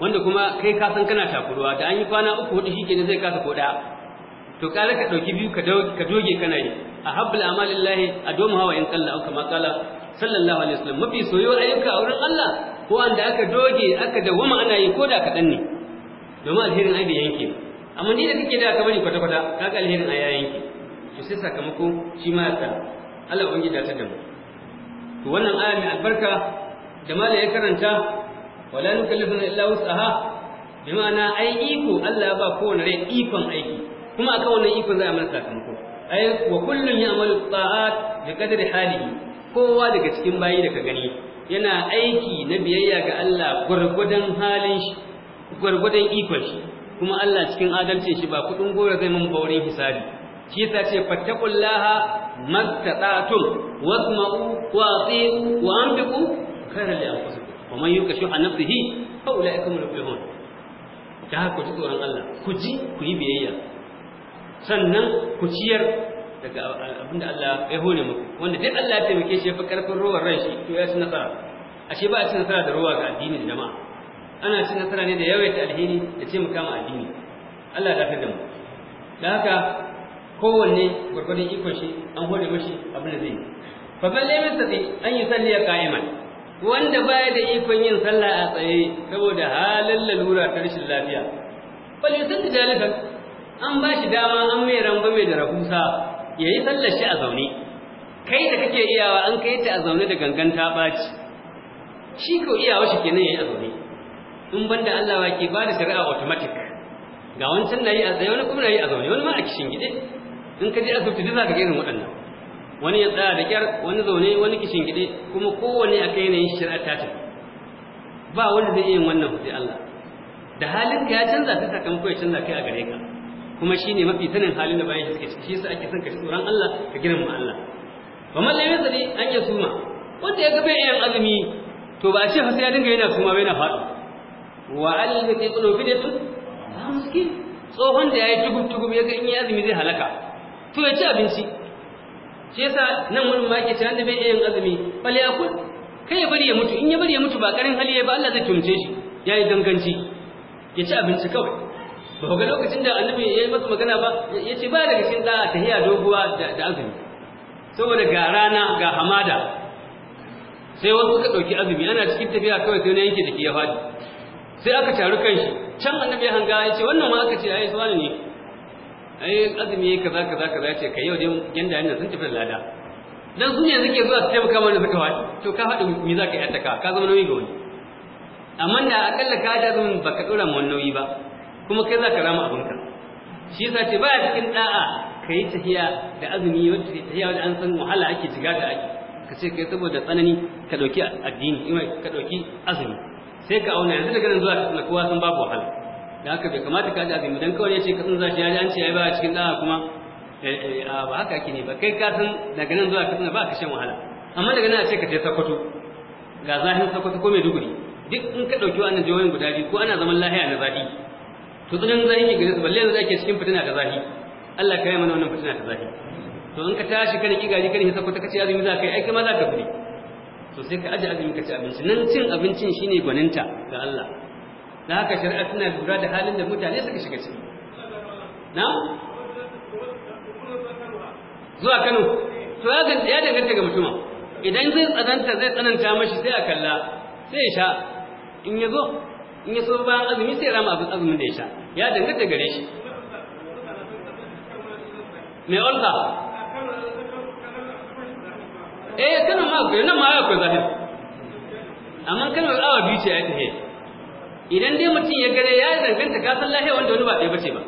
wanda kuma kai ka san kana takuruwa da an yi kwana uku hudu shi kenan zai kasa ko ɗaya to kare ka ɗauki biyu ka doge kana yi a habbul amalillahi a doma hawa in kalla auka makala sallallahu alaihi wasallam mafi soyo ayyuka a wurin Allah ko wanda aka doge aka dawwama ana yi ko da kaɗan ne domin alherin ai yankin yanke amma ni da kike da ka bari kwata-kwata ka ga alherin a yayin ki to sai sakamako shi ma ya tsara Allah ubangi da ta damu to wannan aya mai albarka da mala ya karanta wala nukallifu illa wus'aha bi ma'ana ai iko Allah ya ba kowane rai ikon aiki kuma akan wannan ikon za a mana sakamako ai wa kullun ya'malu ta'at bi qadri halihi kowa daga cikin bayi da ka gani yana aiki na biyayya ga Allah gurgudan halin shi gwargwadon ikon shi kuma Allah cikin adalci shi ba kudin goro zai mun bauri hisabi shi yasa ce fattaqullaha mastata'tum wasma'u wa ati'u wa anfiqu khayran li anfusikum wa man yukashu an nafsihi fa ulaika hum muflihun ta haka ji tsoron Allah ku ji ku yi biyayya sannan ku ciyar daga abinda Allah ya hore muku wanda duk Allah ya taimake shi ya fi karfin ruwan ran shi to ya ci nasara ashe ba a ci nasara da ruwa ga addinin jama'a ana cin nasara ne da yawaita alhini da ce ma addini Allah ya da mu da haka kowanne gwargwadon ikon shi an hore mashi abin da zai fa balle min sai an yi salliya qa'iman wanda baya da ikon yin sallah a tsaye saboda halin lalura ta rashin lafiya bal yusalli jalisan an ba shi dama an mai ramba mai da rahusa yayi sallar shi a zaune kai da kake iyawa an kai ta a zaune da gangan ta ɓaci shi ko iyawa shi kenan yayi a zaune in banda Allah wa ke ba da shari'a automatic ga wancan na yi a tsaye wani kuma na yi a zaune wani ma a kishin gide in ka je asibiti duk za ka ga irin waɗannan wani ya tsaya da kyar wani zaune wani kishin gide kuma kowanne a kai yanayin shari'a ta ba wanda zai yin wannan sai Allah da halin ka ya canza ta sakamako ya canza kai a gare ka kuma shine mafi sanin halin da bayan shi shi yasa ake son ka tsoron Allah ka girmama Allah wa man lam yasli an suma. wanda ya ga bai yin azumi to ba a ce fa sai ya dinga yana suma bai na faɗi wa alif fi qulubi a miskin tsohon da ya yi tugub tugub ya ga in yi azumi zai halaka to ya ci abinci shi yasa nan wurin ma yake cewa da bai iya yin azumi bal ya kul kai ya bari ya mutu in ya bari ya mutu ba karin hali ya ba Allah zai tumce shi Ya yi ganganci ya ci abinci kawai ba ga lokacin da annabi ya yi masa magana ba ya ce ba daga cikin da tahiya doguwa da azumi saboda ga rana ga hamada sai wasu suka ɗauki azumi ana cikin tafiya kawai sai na yanke da jiki ya faɗi sai aka taru kan shi can annabi ya hanga ya ce wannan ma aka ce ai suwani ne ai azumi kaza kaza kaza ya ce kai yau dai yanda yana sun tafi lada dan sun yanzu ke zuwa su taimaka mana suka kawai to ka faɗi me za ka yi ataka ka zama nauyi ga wani amma da akalla ka ta zama ba ka ɗora wani nauyi ba kuma kai za ka rama abinka shi yasa ce baya cikin da'a ka yi tafiya da azumi wacce tafiya da an san wahala ake shiga da ake ka ce kai saboda tsanani ka ɗauki addini ka ɗauki azumi sai ka auna yanzu daga nan zuwa katsina kowa sun babu wahala da haka bai kamata ka ji azumi dan kawai ya ce katsina za shi ya ji an ce ya ba cikin da'a kuma eh, eh, ba haka ake ne ba kai ka san daga nan zuwa katsina ba ka shan wahala amma daga nan a ce ka je sokoto ga zahin sokoto ko maiduguri duk in ka ɗauki wannan jihohin guda biyu ko ana zaman lahiya na zafi to tsananin zafi ke gare su balle yanzu ake cikin fitina ga zafi Allah ka yi mana wannan fitina ta zafi to in ka tashi kana ki gari kana hisa ko ta azumi za ka yi ai kai ma za ka fure to sai ka aje azumi ka ci abinci nan cin abincin shine gwaninta ga Allah da haka shari'a tana lura da halin da mutane suka shiga ciki na zuwa Kano to ya danganta ga mutum idan zai tsananta zai tsananta mashi sai a kalla sai ya sha in ya zo in ya so ba azumi sai rama abin azumin da ya sha ya danganta gare shi mai olga eh kana ma akwai nan ma akwai zahir amma kan al'awa bi ce ai tahe idan dai mutum ya gare ya danganta ka san lahiya wanda wani ba dai bace ba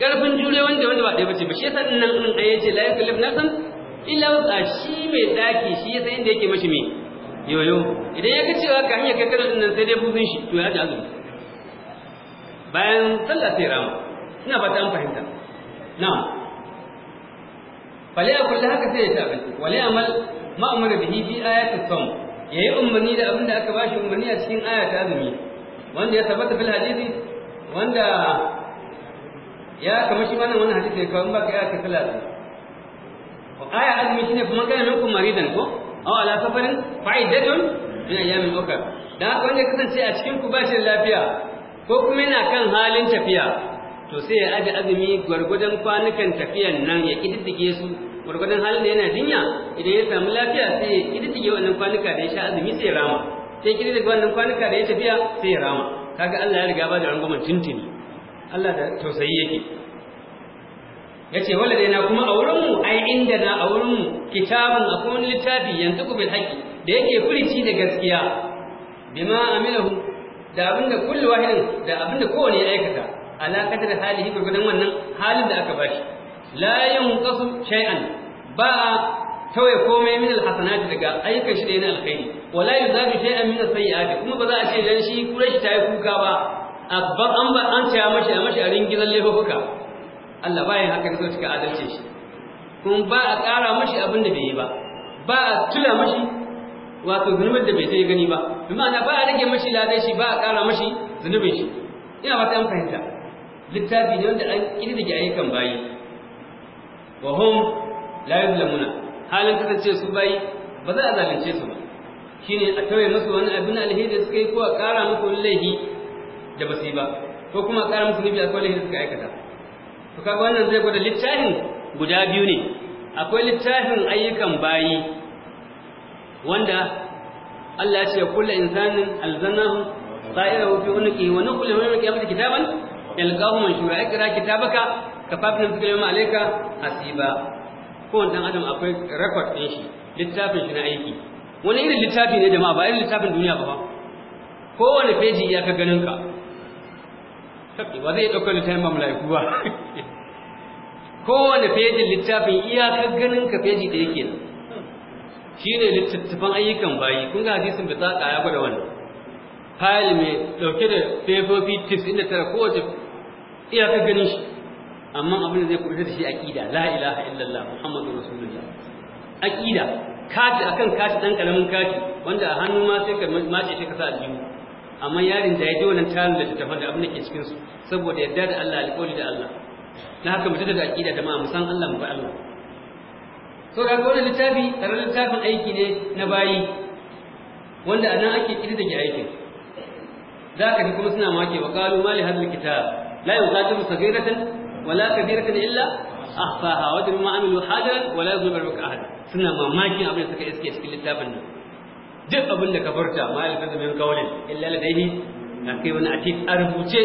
karfin jure wanda wani ba dai bace ba shi yasa nan nan ai yace la yakallif nafsan illa wa shi mai daki shi yasa inda yake mashi me yoyo idan ya ga cewa ka hanya kai karin nan sai dai buzun shi to ya ji azumi bayan sallah sai rama ina ba ta an fahimta na'am fali a kullu haka sai ya tabbata wali amal ma da bihi fi ayatul sawm yayi umarni da abinda aka bashi umarni a cikin ayata azumi wanda ya tabbata fil hadisi wanda ya kama shi wannan wannan hadisi ya kawo baka ayata fil wa aya azumi shine kuma kai nan ku maridan ko aw ala safarin fa'idatun min ayamin ukhra dan haka wanda kasance a cikin ku bashi lafiya ko kuma yana kan halin tafiya to sai ya aje azumi gwargwadon kwanukan tafiyan nan ya kididdige su gwargwadon halin da yana jinya idan ya samu lafiya sai ya kididdige wannan kwanuka da ya sha azumi sai ya rama sai ya kididdige wannan kwanuka da ya tafiya sai ya rama kaga Allah ya riga ba da rangwamen tuntuni Allah da tausayi yake ya ce wala daina kuma a wurinmu ai inda na a wurinmu kitabun akon wani littafi yanzu ku bil haƙƙi. da yake furici da gaskiya bima amilahu da abinda kullu wahidin da abinda kowane ya aikata ala da halihi gurgudan wannan halin da aka bashi la yanqasu shay'an ba kawai komai min alhasanat daga ayyukan shi da yana alkhairi wala yuzabi shay'an min as-sayyi'ati kuma ba za a ce dan shi kure shi tayi kuka ba abban an ba an taya mashi a mashi a ringizan laifuka Allah bayan haka zai cika adalci shi Kun ba a ƙara mashi abin da bai yi ba ba a tula mashi wato zunubin da bai sai gani ba bi ma'ana ba a rage mashi ladai shi ba a ƙara mashi zunubin shi ina ba an fahimta littafi ne wanda an ƙididdige ayyukan bayi wa hum la yuzlamuna halin ce su bai ba za a zalunce su ba shine a tawaye musu wani abin alheri da suka yi ko a ƙara musu wani laifi da basu ba ko kuma a ƙara musu nabi akwai laifi da suka aikata to kaga wannan zai gwada littafin guda biyu ne akwai littafin ayyukan bayi wanda Allah ya ce kullu insanin alzanahu ta'irahu fi unqihi wa nukhlihu yawm al kitaban yalqahu manshura ikra kitabaka kafafin suka yi malaika hasiba kowane dan adam akwai record ɗin shi littafin shi na aiki wani irin littafi ne jama'a ba irin littafin duniya ba ba kowane feji iyaka ganin ka ba zai ɗaukar littafin ba mala'iku ba kowane fejin littafin ka ganin ka feji da yake shi ne littattafan ayyukan bayi kun ga hadisin da tsaka ya gwada wannan fayil mai ɗauke da fefofi tis inda tara kowace ganin shi amma abin da zai kubuta da shi aqida la ilaha illallah muhammadu rasulullah Aƙida kati akan kati dan karamin kati wanda a hannu ma sai ka mace shi ka sa aljihu amma yarin da ya je wannan tarin da tattafan da abin da ke cikin su saboda yadda da Allah alƙawari da Allah na haka mutum da aƙida da ma musan Allah mu ba Allah to ga wannan littafi tsaron littafin aiki ne na bayi wanda anan ake kididdige aikin za ka ji kuma suna make wa mali ma li hadha alkitab la yughadiru saghiratan wala kabiratan illa ahfaha wa dum ma'amilu hadiran wala yuzlimu rabbuka ahada suna mamakin abin da suka iske cikin littafin nan duk abin da ka furta ma ya kaza min qawlin illa ladayhi na kai wani atif a rubuce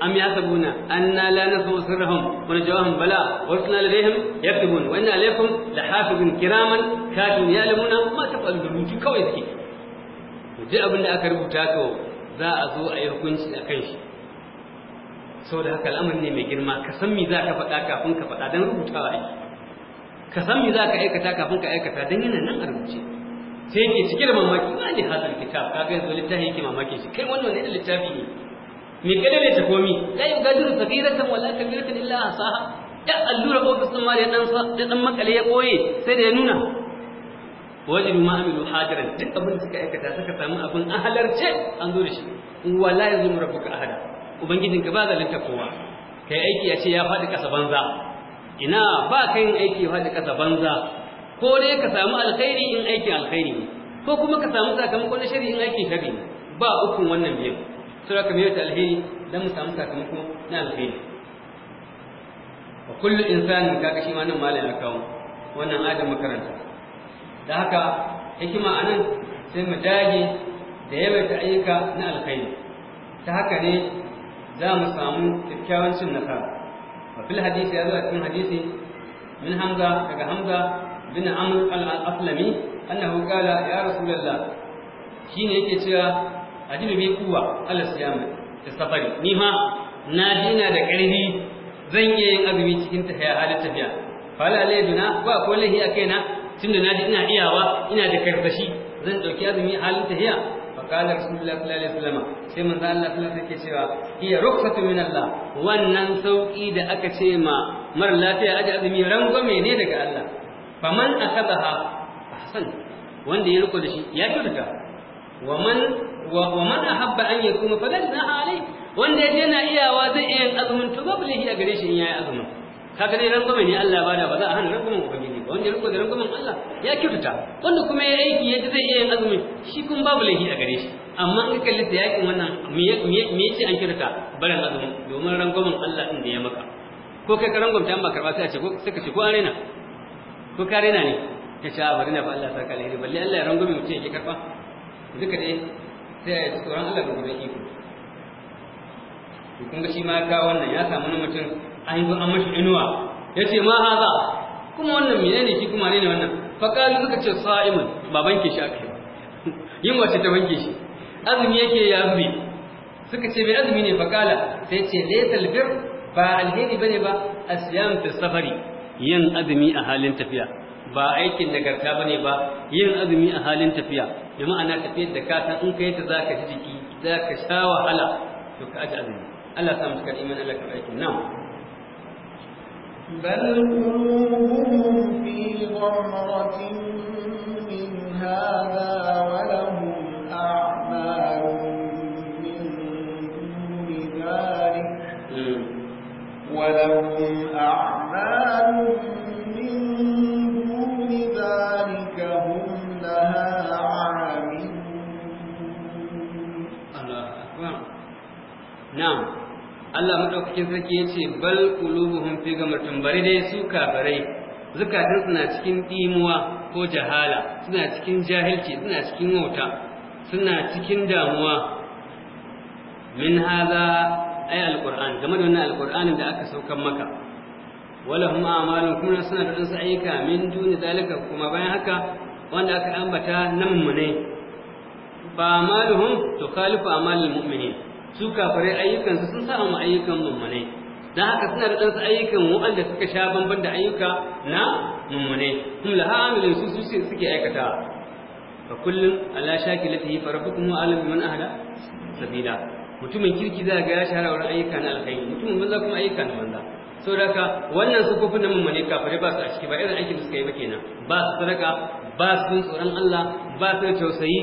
am yasabuna anna la nasmu sirrahum wa najwahum bala wa rusuna ladayhim yaktubun wa inna alaykum lahafizun kiraman katibun ya'lamuna ma taf'alu rubutu kawai suke abin da aka rubuta to za a zo a yi hukunci a kan shi Sau da haka al'amari ne mai girma ka san mi za ka faɗa kafin ka faɗa don rubutawa ake ka san mi za ka aikata kafin ka aikata don yana nan a rubuce sai yake cike da mamaki ma ne hazar kitab ka ga yanzu littafin yake mamakin shi kai wannan ne littafi ne me kalle ta komi la yugadiru sagiratan wala kabiratan illa ahsaha ya allura ofis din ma da dan da dan makale ya koye sai da ya nuna wajidu ma amilu hadiran duk abin da suka aikata suka samu abin ahalarce an zo da shi wala yazlimu ka ahada ubangijinka ba zalunta kowa kai aiki a ce ya faɗi ƙasa banza ina ba ka yin aiki ya faɗi ƙasa banza ko dai ka samu alkhairi in aikin alkhairi ne ko kuma ka samu sakamakon na shari'in aikin shari ba ukun wannan biyan sura ka mai alheri dan mu samu sakamako na alkhairi wa kullum insanin kaga shi ma nan malam wannan adam makaranta da haka hikima a nan sai mu dage da yawaita ayyuka na alkhairi ta haka ne za mu samu kyakkyawan cin nasara wa fil hadisi ya zo a cikin hadisi min hamza daga hamza bin amr al-aslami annahu qala ya rasulullah shine yake cewa ajinu bi kuwa ala siyam ta safari ni ma na ji ina da ƙarfi zan iya yin azumi cikin tafiya halin tafiya fala na, ba ko lahi a kaina tunda na ji ina iyawa ina da karfashi zan ɗauki azumi halin tafiya qala rasulullah sallallahu alaihi wasallam sai manzo wannan sauki da aka ce ma mara lafiya aji azumi rangwame ne daga Allah faman akhadaha ahsan wanda ya riko da shi ya kyauta wa man wa man ahabba an yakuna falan alai wanda yana iyawa zai iya azumin to babu lahi a gare shi in yayi azumin kaga dai rangwame ne Allah ya bada ba za a hana rangwamen ubangiji ba wanda ya riko da rangwamen Allah ya kyautata wanda kuma ya aiki ya zai iya yin azumi shi kun babu laifi a gare shi amma in ka kalli da yakin wannan me yace an kyautata barin azumi domin rangwamen Allah din da ya maka ko kai ka rangwamta an ba karba sai a ce ko ka ce ko arena rena ko ka arena ne ka ce a bari na fa Allah saka alheri balle Allah ya rangwame mutum yake karba duka dai sai tsoron Allah da gobe iko kun ga shi ma ka wannan ya samu na mutum an zo an mashi inuwa yace ma haza kuma wannan ne shi kuma ne ne wannan fa kalu suka ce sa'imun ba banke shi aka akai yin wace ta banke shi azumi yake ya zubi suka ce mai azumi ne fa sai ce laysal bir ba alheri bane ba a siyan ta safari yin azumi a halin tafiya ba aikin nagarta bane ba yin azumi a halin tafiya bi ma'ana tafiyar da ka san in kai ta za ka ji jiki za ka sha wahala to ka aji azumi Allah ya sa mu cikin iman Allah ka aikin nan بل قلوبهم في غمرة من هذا ولهم أعمال من دون ذلك ولهم أعمال من دون ذلك هم لها عاملون الله أكبر نعم Allah madaukakin sarki yace bal qulubuhum fi gamatin bari dai su kafirai zukatan suna cikin dimuwa ko jahala suna cikin jahilci suna cikin wauta suna cikin damuwa min haza ay alquran game da wannan alqur'anin da aka saukan maka wala hum a'malun kuma suna da wasu ayyuka min duni zalika kuma bayan haka wanda aka ambata nan mu ne fa amaluhum tukhalifu amalul mu'minin su kafare ayyukansu sun sa mu ayyukan mummune dan haka suna da ɗansu ayyukan waɗanda suka sha bamban da ayyuka na mummune hum laha amilun su su suke aikata fa kullum ala shakilatihi fa rabbukum alim man ahla sabila mutumin kirki za ga ya shahara wurin ayyuka na alkhairi mutumin banza kuma ayyuka na banza saboda ka, wannan kofin na mummune kafare ba su a ciki ba irin aikin su suka yi ba kenan ba su sadaka ba su tsoron Allah ba su tausayi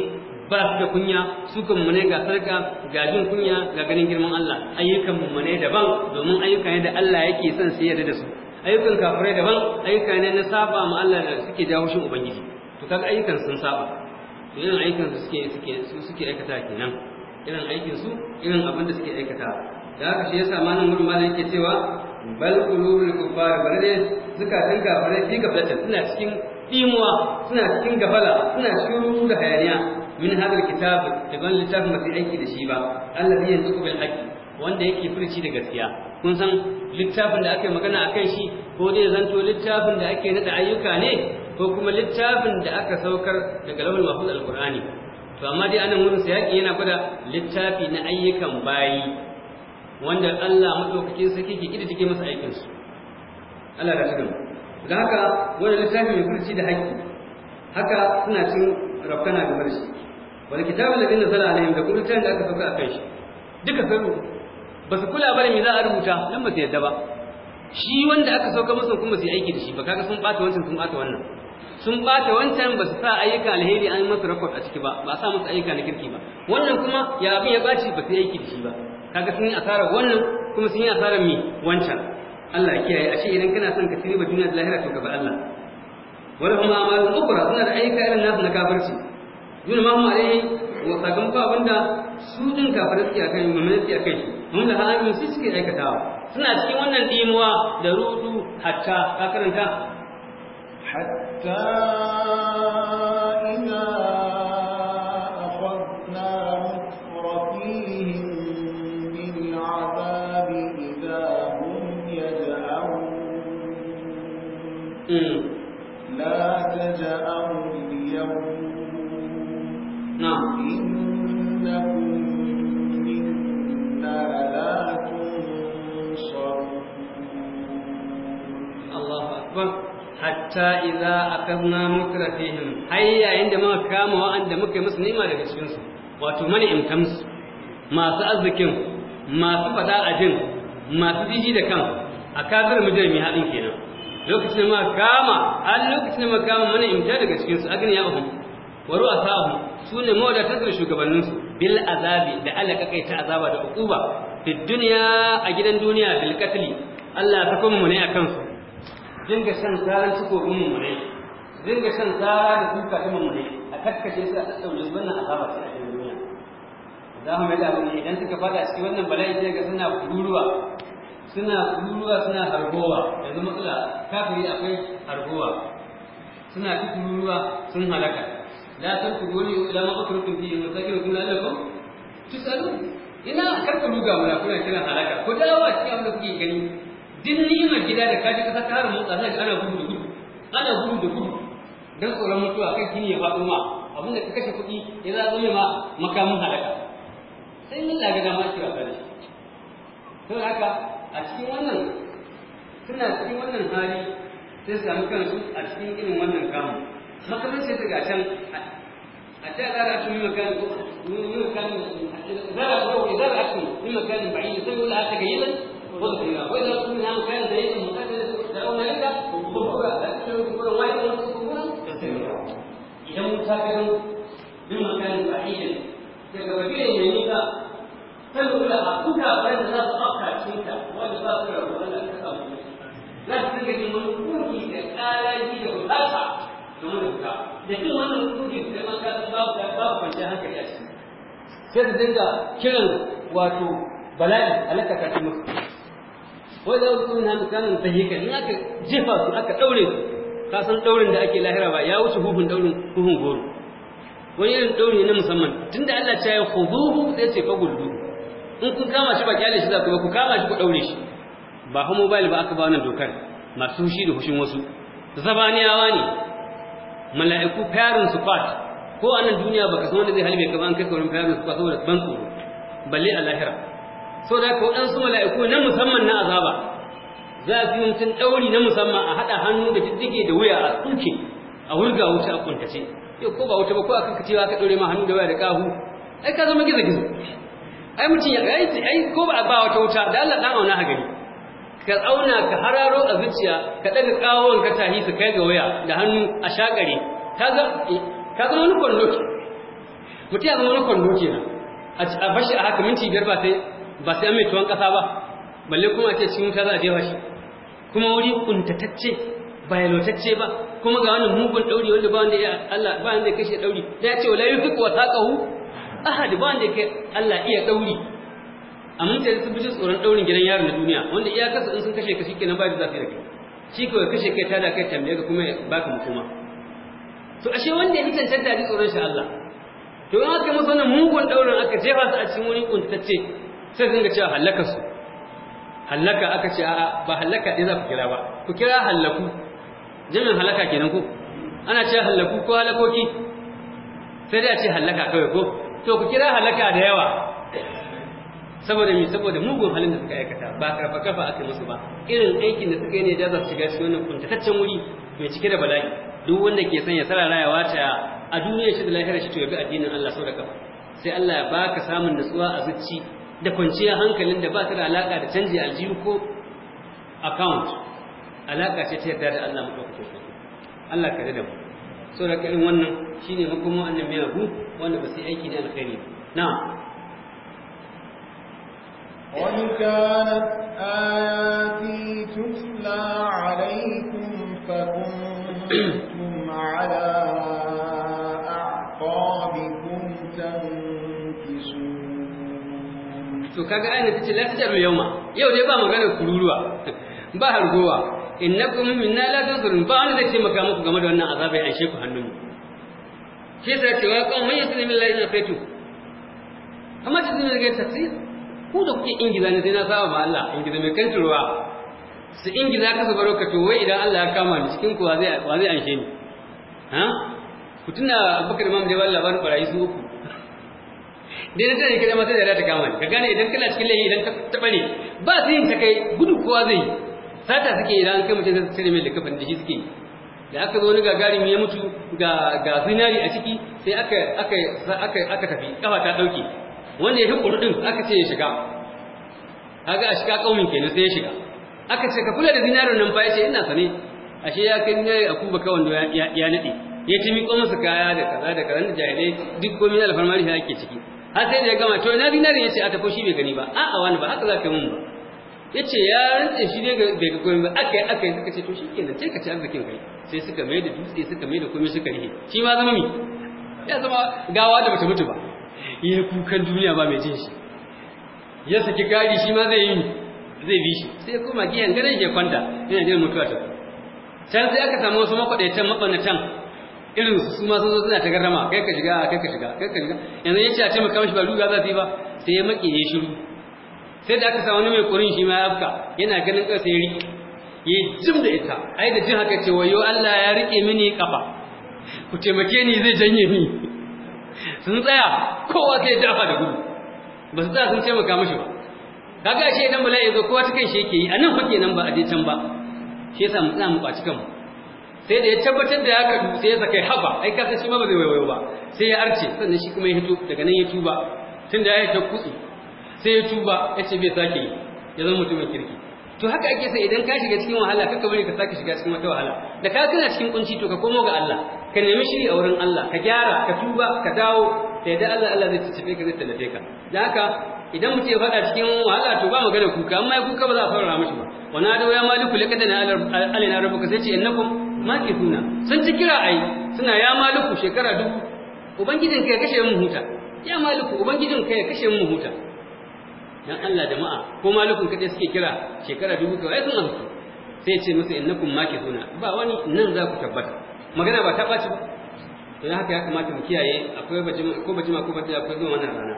ba su da kunya su kan mu ne ga sarka ga jin kunya ga ganin girman Allah ayyukan mu ne daban domin ayyukan da Allah yake son su yarda da su ayyukan kafirai daban ayyukan ne na saba ma Allah da suke jawo shi ubangiji to kaga ayyukan sun saba to irin ayyukan su suke suke su suke aikata kenan irin aikin su irin abin da suke aikata da haka shi yasa malam gurbin malam yake cewa bal qulubul kufar bal ne zakatun kafirai fi gaflatin suna cikin imuwa suna cikin gafala suna shiru da hayaniya min hadal kitab daban littafin ba sai aiki da shi ba allazi yanzu bil haqqi wanda yake furci da gaskiya kun san littafin da aka yi magana akan shi ko dai zanto littafin da ake nada ayyuka ne ko kuma littafin da aka saukar daga lawal mahfuz alqur'ani to amma dai anan wurin sayaki yana gwada littafi na ayyukan bayi wanda Allah madaukakin sarki ke kididdige masa aikin su Allah ya tsare mu da haka wannan littafi mai furci da haƙƙi haka suna cin rafkana game da shi wani kitabun da gina zala ne da kuma littafin da aka sauka a kan shi duka sanu ba su kula bane me za a rubuta nan ba su yadda ba shi wanda aka sauka musu kuma su yi aiki da shi ba kaga sun bata wancan sun bata wannan sun bata wancan ba su sa ayyuka alheri an masu record a ciki ba ba sa musu ayyuka na kirki ba wannan kuma ya abin ya baci ba su yi aiki da shi ba kaga sun yi asarar wannan kuma sun yi asarar me wancan Allah ya kiyaye ashe idan kana son ka tsiri ba duniya da lahira to ka ba Allah wala huma amalun ukra suna da ayyuka irin nasu na kafirci yuna mahu alaihi wa sakamakon abinda su din ka farki akan mummuna suke akan shi mun da halamin su suke aikatawa suna cikin wannan dimuwa da rudu hatta ka karanta hatta إنكم منا لا تنصرون الله أكبر mutrafihim har yayin da muka kama wa'anda muka yi musu nima daga cikin su wato mani imtams masu arzikin masu fada ajin masu jiji da kan a kafir mujrimi hadin kenan lokacin da muka kama har lokacin da muka kama mani imta daga cikin su ya uhum wa ru'asahu sune ta zai shugabannin su bil azabi da alaka kai ta azaba da uquba fi dunya a gidan duniya bil qatli Allah ta kuma mu a akan su dinga shan zaran su ko kuma ne dinga shan zara da duka ta mu a kakkace su a tsaure su wannan azaba ta gidan duniya za mu da mu idan suka fada a cikin wannan bala'i sai ga suna buruwa suna buruwa suna harbowa yanzu matsala kafiri akwai harbowa suna tukuruwa sun halaka لا تنكروا لي ma ما fihi فيه takirukum la'allakum tusalun ina karka ruga mana kuna كنا halaka ko dawa cikin abin da kuke gani din nima gida da kaji kasa انا harin motsa انا ana gudu da gudu ana كان da gudu فاطمه tsoron mutuwa gini ya faɗo ma abin da ka kashe kuɗi ya zaɓo ne ma makamin halaka sai da shi haka a cikin wannan suna cikin wannan hali sai su sami kansu a cikin irin wannan kamun makamin sai daga can أشياء لا لا من مكان من مكان ذبح له إذا أكل من مكان بعيد يسمى لها تجيلا وذكرها وإذا أكل منها مكان بعيد مكان ترون لك ضربها أكثر كل واحد يذكرون كثيرا إذا مسافر من مكان بعيد كبديل يمينك تنظر لها كلها فإن لا تقطع شيئا ولا تقطع ولا تقطع لا تترك المنكور في كالآلة في الغلطة game da wuta da cin wannan hukuncin sai man kasu babu babu kwanciyar hankali a ciki sai dinga kiran wato bala'i alaka ka cimu wai da wasu na misalin sahiha in aka jefa su aka daure su ka san daurin da ake lahira ba ya wuce huhun daurin huhun goro wani irin dauri na musamman tun da Allah ya yi khuduhu sai ce fa guldu in kun kama shi ba kyale shi za ku ku kama shi ku daure shi ba ha mobile ba aka ba wannan dokar masu shi da hushin wasu zabaniyawa ne mala'iku fayarin su fat ko a nan duniya baka san wanda zai halbe ka ban kai kaurin fayarin su fat saboda ban tsoro balle a lahira so da ka waɗansu mala'iku na musamman na azaba za a fi mutum ɗauri na musamman a haɗa hannu da jijjige da wuya a tsuke a wulga wuce a kuntace yau ko ba wuta ba ko a kanka cewa ka ɗaure ma hannu da waya da ƙahu ai ka zama gizo gizo ai mutum ya ai ko ba ba wata wuta da Allah dan auna ha gari ka tsauna ka hararo a zuciya ka daga kawon ka tahi su kai ga waya da hannu a shakare ka zama wani kwando mutu ya zama wani kwando na. a bashi a haka minti biyar ba sai ba sai an mai tuwon kasa ba balle kuma a ce cikin wuta za a jefa shi kuma wuri kuntatacce ba yalotacce ba kuma ga wani mugun ɗauri wanda ba wanda ya Allah ba wanda ya kashe ɗauri da ya ce wala yufiqu taqahu ahad ba wanda ya kai Allah iya ɗauri A mun mutane sun fi jin tsoron daurin gidan yaron na duniya wanda iyakarsa in sun kashe ka shikenan ba da zafi da kai shi kawai kashe kai tada kai tambaye ka kuma baka makoma to ashe wanda ya tantance da tsoron shi Allah to in aka masa wannan mugun daurin aka jefa su a cikin wani kuntatacce sai zanga cewa hallaka su Hallaka, aka ce a'a ba hallaka dai za ku kira ba ku kira hallaku, jami'in halaka kenan ko ana cewa hallaku ko halakoki sai dai a ce hallaka kawai ko to ku kira halaka da yawa saboda mi saboda mugun halin da suka aikata ba karfa kafa aka musu ba irin aikin da suka yi ne da za su shiga cikin wannan kuntataccen wuri mai cike da bala'i duk wanda ke sanya ya tsara rayuwa ta a duniya shi da lahira shi to ya bi addinin Allah sau da kafa sai Allah ya baka samun nutsuwa a zuci da kwanciyar hankalin da ba ta da alaka da canji aljihu ko account alaka ce ta yarda da Allah mu ɗauka Allah ka da mu sau da irin wannan shine makomo annabi ya wanda ba sai aiki da alkhairi na'am kaga كانت آياتي تتلى عليكم فكنتم على أعقابكم tace la tajaru yauma yau dai ba magana kururuwa ba hargowa innakum minna la tansurun ba wanda zai maka muku game da wannan azaba ya anshe ku hannun shi yasa cewa kan mai yasmi billahi ya faitu amma tazmin ga tafsir ku da kuke ingiza ne sai na saba ma Allah ingiza mai kan turuwa su ingiza ka su baro ka to wai idan Allah ya kama ni cikin ku wa zai wa anshe ni ha ku tuna Abubakar Imam da wallahi ban barayi su uku dai na tare kada masa da ta kama ni ka gane idan kana cikin laifi idan ka taba ne ba su yin ta kai gudu kowa zai sata suke idan an kai mutum sai cire mai likafin da shi suke da aka zo wani mu ya mutu ga ga zinari a ciki sai aka aka aka aka tafi kafa ta dauke wanda ya fi kurɗin aka ce ya shiga kaga a shiga ƙaunin kenan sai ya shiga aka ce ka kula da zinarin nan fa ya ce ina sane ashe ya kai ne a kuba kawai da ya nade ya ci miƙo masa kaya da kaza da kaza da jahilai duk komai alfarmari shi ke ciki har sai da ya gama to na zinarin ya ce a tafi shi bai gani ba a'a wani ba haka za ka mun ba ya ce ya rantse shi dai bai ga komai ba aka yi aka yi suka ce to shi kenan sai ka ci arzikin kai sai suka mai da dutse suka mai da komai suka rihe shi ma zama mi ya zama gawa da bata mutu ba yi kukan duniya ba mai jin shi ya saki gari shi ma zai yi zai bi shi sai kuma giyan ganin ke kwanta yana jin mutuwa ta can sai aka samu wasu makwadaitan mabanatan irin su ma sun zo suna ta garrama kai ka shiga kai ka shiga kai ka shiga yanzu ya ce a taimaka mishi ba duga za su yi ba sai ya maƙe ya shiru sai da aka samu wani mai kurin shi ma ya afka yana ganin ƙasa ya riƙe ya jim da ita ai da jin haka ce wayo Allah ya riƙe mini kafa ku taimake ni zai janye ni sun tsaya kowa sai dafa da gudu ba su tsaya sun maka mashi ba kaga shi idan bala'i zo kowa ta kan shi yake yi a nan kuke nan ba a je can ba shi yasa mu tsaya mu kwaci kanmu sai da ya tabbatar da ya kadu sai ya saka ya haba ai ka san shi ma ba zai waiwayo ba sai ya arce sannan shi kuma ya hito daga nan ya tuba tun da ya ta kutsi sai ya tuba ya ce bai sake yi ya zama mutumin kirki to haka ake sai idan ka shiga cikin wahala kaka bari ka sake shiga cikin wata wahala da ka kana cikin kunci to ka komo ga Allah ka nemi shiri a wurin Allah ka gyara ka tuba ka dawo da yadda Allah Allah zai tattafe ka zai tallafe ka da haka idan mutum ya faɗa cikin wahala to ba magana kuka amma ya kuka ba za a fara mishi ba wa na da ya maliku da na alina rabbuka sai ce innakum maqifuna sun ci kira ai suna ya maliku shekara dubu ubangijin ka ya kashe mu huta ya maliku ubangijin ka ya kashe mu huta dan Allah jama'a ko malikun kaɗai suke kira shekara dubu kawai sun amsa sai ce musu innakum makithuna ba wani nan za ku tabbata magana ba ta ɓaci ba don haka ya kamata mu kiyaye akwai ko bajima ko bajima akwai zuwa wannan rana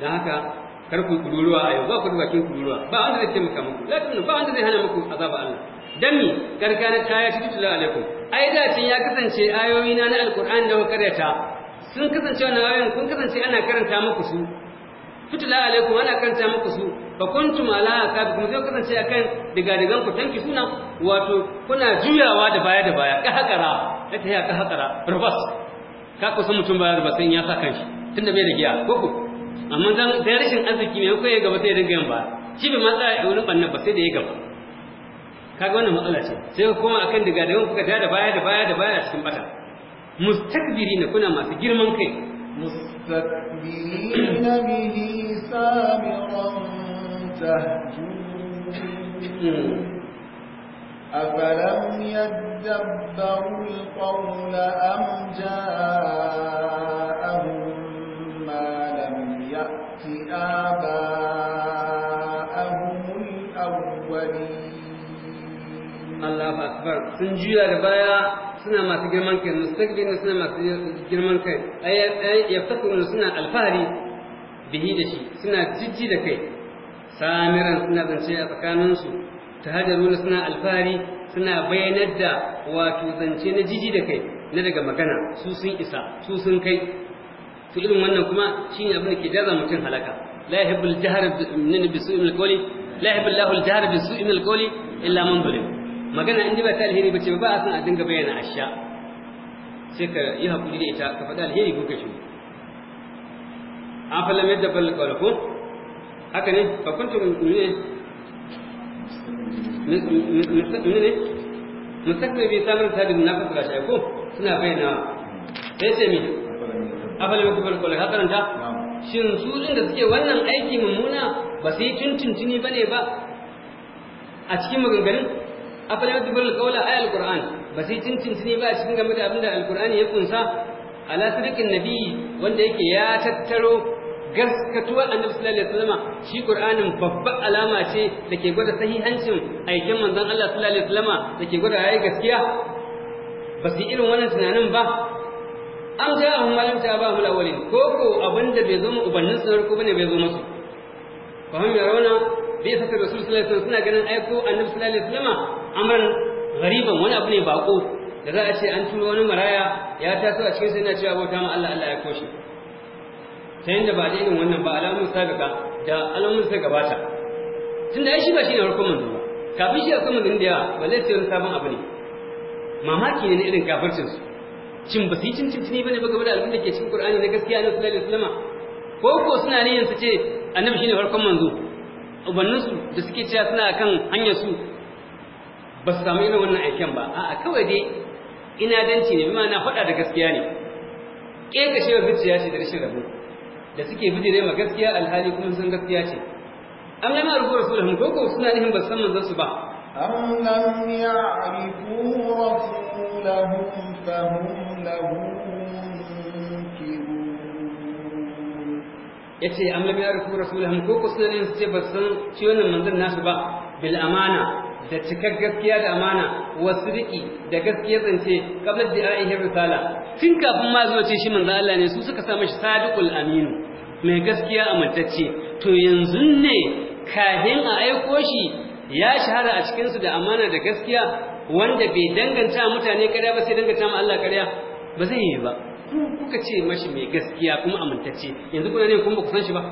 don haka kar ku kururuwa a yau ba ku da bakin kururuwa ba wanda zai taimaka muku za ku ba wanda zai hana muku azaba Allah dan mi karkana kaya shi tutula alaikum ai da tin ya kasance ayoyi na na alqur'ani da ku karyata sun kasance wannan ayoyin kun kasance ana karanta muku su fitila alaikum ana kanta muku su fa kuntum ala kuma zai kasance akan digadigan ku tanki suna wato kuna juyawa da baya da baya kahakara ta ka kahakara rubas ka san mutum baya rubas sai ya sa kanshi tunda bai da giya ko ku amma dan sai rashin arziki ne ko ya gaba sai dinga yin ba shi bai matsa a wurin bannan ba sai da ya gaba kaga wannan matsala ce sai ku koma akan digadigan ku ka da baya da baya da baya cikin bata mustakbirina kuna masu girman kai مستكبرين به سامرا تهجون أفلم يدبروا القول أم جاءهم ما لم يأت آباؤهم Allah akbar sun juya da baya suna masu girman kai mustakbir suna masu girman kai ay yaftakun suna alfahari bihi da shi suna jijji da kai samiran suna zance a tsakaninsu ta hadaruna suna alfahari suna bayyanar da wato zance na jiji da kai na daga magana su sun isa su sun kai to irin wannan kuma shine abin da ke jaza mutum halaka la yahibbul jahra min bisu'il qawli la yahibbullahu al-jahra bisu'il qawli illa man zulim magana in ba ta alheri ba ce ba a san a dinga bayyana asha sai ka yi hakuri da ita ka faɗa alheri ko ka shi an falam yadda bal qalqu haka ne fa kuntum ne ne musakka bai samar sabin na fasara shi ko suna bayyana sai ce mi afalam yadda bal qalqu haka ta shin su din da suke wannan aiki mummuna ba su yi ba ne ba a cikin maganganun afala yadbirul qawla ay alquran ba sai tintintini ba a cikin game da abinda alqurani ya kunsa ala sadiqin nabi wanda yake ya tattaro gaskatuwar annabi sallallahu alaihi wasallam shi qur'anin babbar alama ce da ke gwada sahihancin aikin manzon Allah sallallahu alaihi wasallam da gwada yayi gaskiya ba su irin wannan tunanin ba an ga ahun ta ba mu ko ko abinda bai zo mu ubannin sanar ko bane bai zo masu? fa hum yarawna bi sa rasul sallallahu suna ganin aiko annabi sallallahu alaihi wasallam amran ghariban wani abu ne bako da za a ce an turo wani maraya ya taso a cikin sa yana cewa bauta ma Allah Allah ya koshi ta yadda ba da irin wannan ba alamun sabiqa da alamun sa gabata tunda ya shi ba shi ne farkon manzo kafin shi akwai manzon da yawa balle sai wani sabon abu ne mamaki ne na irin kafircin cin ba yi cin cin ne bane ba game da abin da ke cikin Qur'ani na gaskiya na sallallahu alaihi wasallam ko ko suna niyyar su ce annabi shine farkon manzo ubanninsu da suke cewa suna kan hanyar su ba su samu irin wannan aiken ba a'a kawai dai ina danci ne ma na faɗa da gaskiya ne shewa zuciya ce da rashin rabo da suke bijire ma gaskiya alhali kuma sun gaskiya ce an gama rubuwar ko ko suna nihin ba san manzon su ba أم لم يعرفوا رسولهم فهم له ya ce am lam ya'rifu rasulahum ko ko sun ce ba san shi wannan manzon nasu ba bil amana da cikar gaskiya da amana wasu riƙi da gaskiya zance kabla da a'ihi risala tun kafin ma zo ce shi manzo Allah ne su suka sa mashi sadiqul aminu mai gaskiya amintacce to yanzu ne kahin a aiko shi ya shahara a cikin su da amana da gaskiya wanda bai danganta mutane karya ba sai danganta ma Allah karya? ba zai yi ba ku kuka ce mashi mai gaskiya kuma amintacce yanzu kuna ne kuma ba ku san shi ba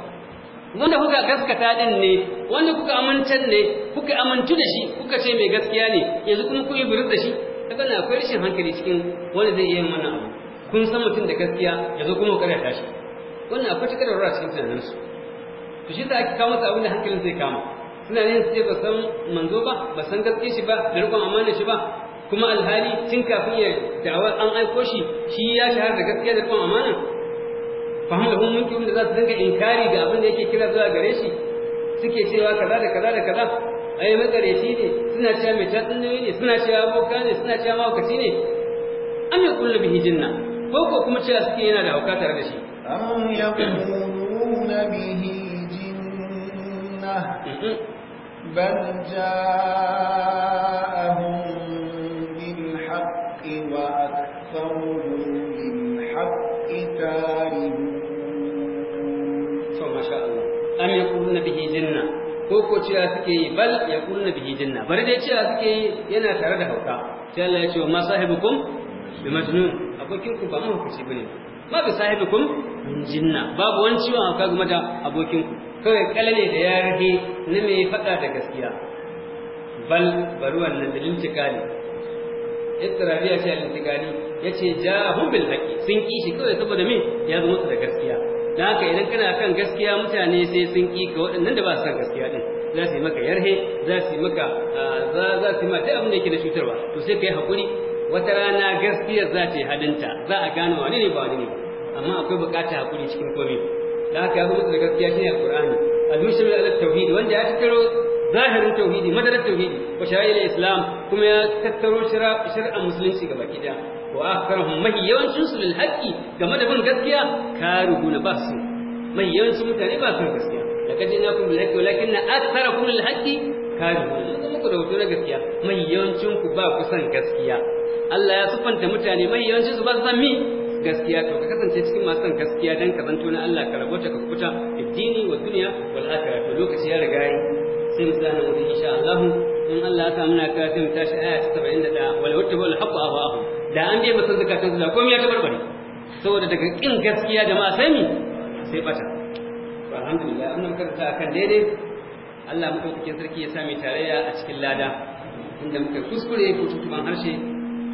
wanda kuka gaskata din ne wanda kuka amintar ne kuka amintu da shi kuka ce mai gaskiya ne yanzu kuma ku yi buris da shi kaga na akwai rashin hankali cikin wanda zai iya yin wannan abu kun san mutum da gaskiya yanzu kuma ku karanta shi wannan akwai cikin rura cikin tunanin su to shi yasa ake kawo masa abin da hankalin zai kama suna yin ce ba san manzo ba ba san gaskiya shi ba da rikon amana shi ba kuma alhali tun kafin ya da'awar an aiko shi shi ya shahara da gaskiya da kuma amana mun munkirin da za su dinga inkari ga abin da yake kira zuwa gare shi suke cewa kaza da kaza da kaza ai shi ne suna cewa mai tatsuniyoyi ne suna cewa boka ne suna cewa mawakaci ne am yi kullu bihi jinna ko ko kuma cewa suke yana da hauka tare da shi am ya kullu bihi jinna bal ja'ahum أكثرهم للحق كارهون ما شاء الله أم يقولون به جنة ko ko cewa suke yi bal ya kunna bihi janna bari dai cewa suke yi yana tare da hauka sai Allah ya ce ma sahibukum bi majnun abokin ku ba mu hukunci bane ma bi sahibukum min jinna babu wani ciwon hauka game da abokin ku kawai kalale da ya rage na mai faɗa da gaskiya bal bari nan da lintikali istirabiya ce lintikali yace ja'ahum bil haƙi sun ƙi shi kawai saboda min ya zo musu da gaskiya da haka idan kana kan gaskiya mutane sai sun ƙi ka waɗannan da ba su san gaskiya ɗin. za su yi maka yarhe za su yi maka za su yi maka abin da yake na cutarwa to sai kai hakuri wata rana gaskiyar za ta yi hadinta za a gano wani ne ba wani ne amma akwai bukatar hakuri cikin komai da haka ya zo musu da gaskiya shine alqur'ani al-mushtamil ala tauhid wanda ya tattaro zahirin tauhidi madarar tauhidi wa shari'ar islam kuma ya tattaro shari'ar musulunci gaba ki daya wa akharuhum mahi yawancin su lil haqqi game da bin gaskiya karibuna ba su mai yawancin mutane ba su gaskiya laqad jinakum bil haqqi walakinna aktharakum lil haqqi karibuna ku da hoto na gaskiya mai yawancin ku ba ku san gaskiya Allah ya sufanta mutane mai yawancin su ba su san mi gaskiya to ka kasance cikin masu san gaskiya dan ka zanto na Allah ka rabota ka kuta addini wa dunya wal akhirah to lokaci ya riga yi sai mu zana mu insha Allah in Allah ya sa muna kafin tashi aya ta 71 wal wattabu al haqqu ahwaahum da an biya masa zakatun da komai ya tabarbare saboda daga kin gaskiya da sai mi sai bata to alhamdulillah an karta a akan daidai Allah madaukakin sarki ya sami tarayya a cikin lada inda muka kuskure ko tutuban harshe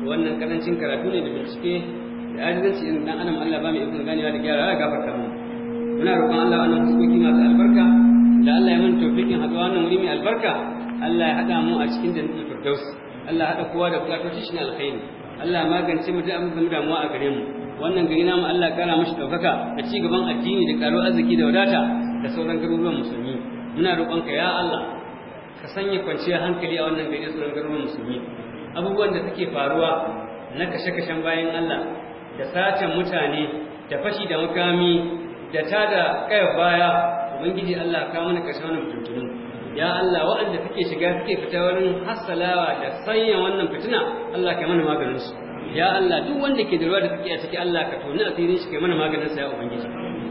wannan karancin karatu ne da bincike da ajizanci in dan adam Allah ba mu ikon ganewa da gyara gafarta mu muna roƙon Allah wannan fuskoki masu albarka da Allah ya mana tawfiqin haɗuwa wannan wuri mai albarka Allah ya haɗa mu a cikin jannatul firdaus Allah ya haɗa kowa da bukatun shi ne alkhairi Allah magance mu duk abin da damuwa a gare mu wannan gari namu Allah kara mashi daukaka da ci gaban addini da karo arziki da wadata da sauran garuruwan musulmi muna roƙonka ya Allah ka sanya kwanciyar hankali a wannan gari sauran garuruwan musulmi abubuwan da suke faruwa na kashe-kashen bayan Allah da sacen mutane da fashi da makami da tada kayar baya ubangiji Allah ka mana kashe wannan fitintunin ya Allah waɗanda suke shiga suke fita wurin hassalawa da sanya wannan fitina Allah ka mana maganin su ya Allah duk wanda ke da ruwa da suke a ciki Allah ka toni asirin shi kai mana maganin sa ya ubangiji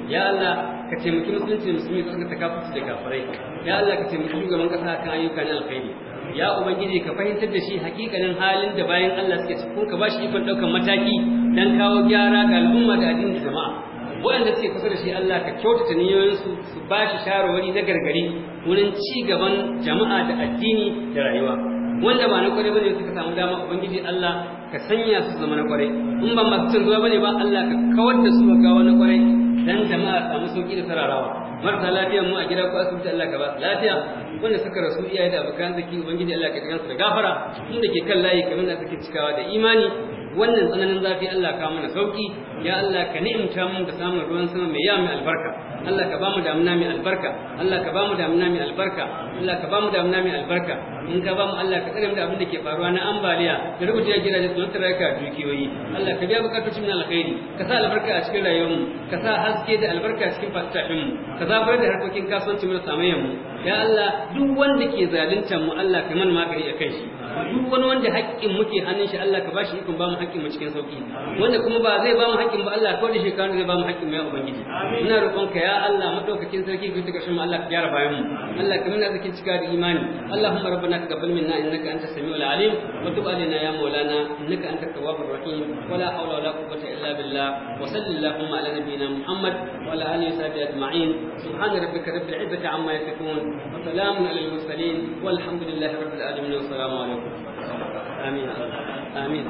ya Allah ka taimaki musulunci musulmi ka saka takafurci da kafirai ya Allah ka taimaki shugaban kasa kan ayyuka na alkhairi ya ubangiji ka fahimtar da shi hakikanin halin da bayan Allah suke ciki kun ka ba shi ikon ɗaukar mataki dan kawo gyara ga al'umma da addinin jama'a waɗanda suke kusa da shi Allah ka kyautata niyoyinsu su ba shi shawarwari na gargari wurin ci gaban jama'a da addini da rayuwa wanda ba na kware bane suka samu dama ubangiji Allah ka sanya su zama na kwarai in ba masu cin zuwa bane ba Allah ka kawar da su ga gawa na kwarai dan jama'a samu sauki da sararawa marasa lafiya mu a gida ko asibiti Allah ka ba lafiya wanda suka rasu iyaye da abokan zaki ubangiji Allah ka tsaya su da gafara tun da ke kan layi kamar da suke cikawa da imani wannan tsananin zafi Allah ka mana sauki ya Allah ka ni'imta mun da samun ruwan sama mai ya mai albarka Allah ka bamu damuna mai albarka Allah ka bamu damuna mai albarka Allah ka bamu damuna mai albarka in ka bamu Allah ka tsare mu da abin da ke faruwa na ambaliya da rubuce gidaje su tsara ka dukiyoyi Allah ka biya bukatun min alkhairi ka sa albarka a cikin rayuwar mu ka sa haske da albarka a cikin fasafin mu ka zafar da harkokin kasuwanci mu da samayen mu ya Allah duk wanda ke zaluntar mu Allah ka mana magani a kai shi duk wani wanda haƙƙin muke hannun shi Allah ka ba ikon ba mu haƙƙin mu cikin sauki wanda kuma ba zai ba mu haƙƙin ba Allah ko da shi zai ba mu haƙƙin mu ya ubangiji ina roƙon ka ya Allah madaukakin sarki ka tuka shin Allah ka gyara bayan mu Allah ka muna zakin cika da imani Allahumma rabbana taqabbal minna innaka antas samiul alim wa tub alaina ya maulana innaka antat tawwabur rahim wala hawla wala quwwata illa billah wa sallallahu ala nabiyyina muhammad wa ala alihi wa sahbihi ajma'in amma yasifun wa salamun alal والحمد لله رب العالمين والسلام عليكم آمين آمين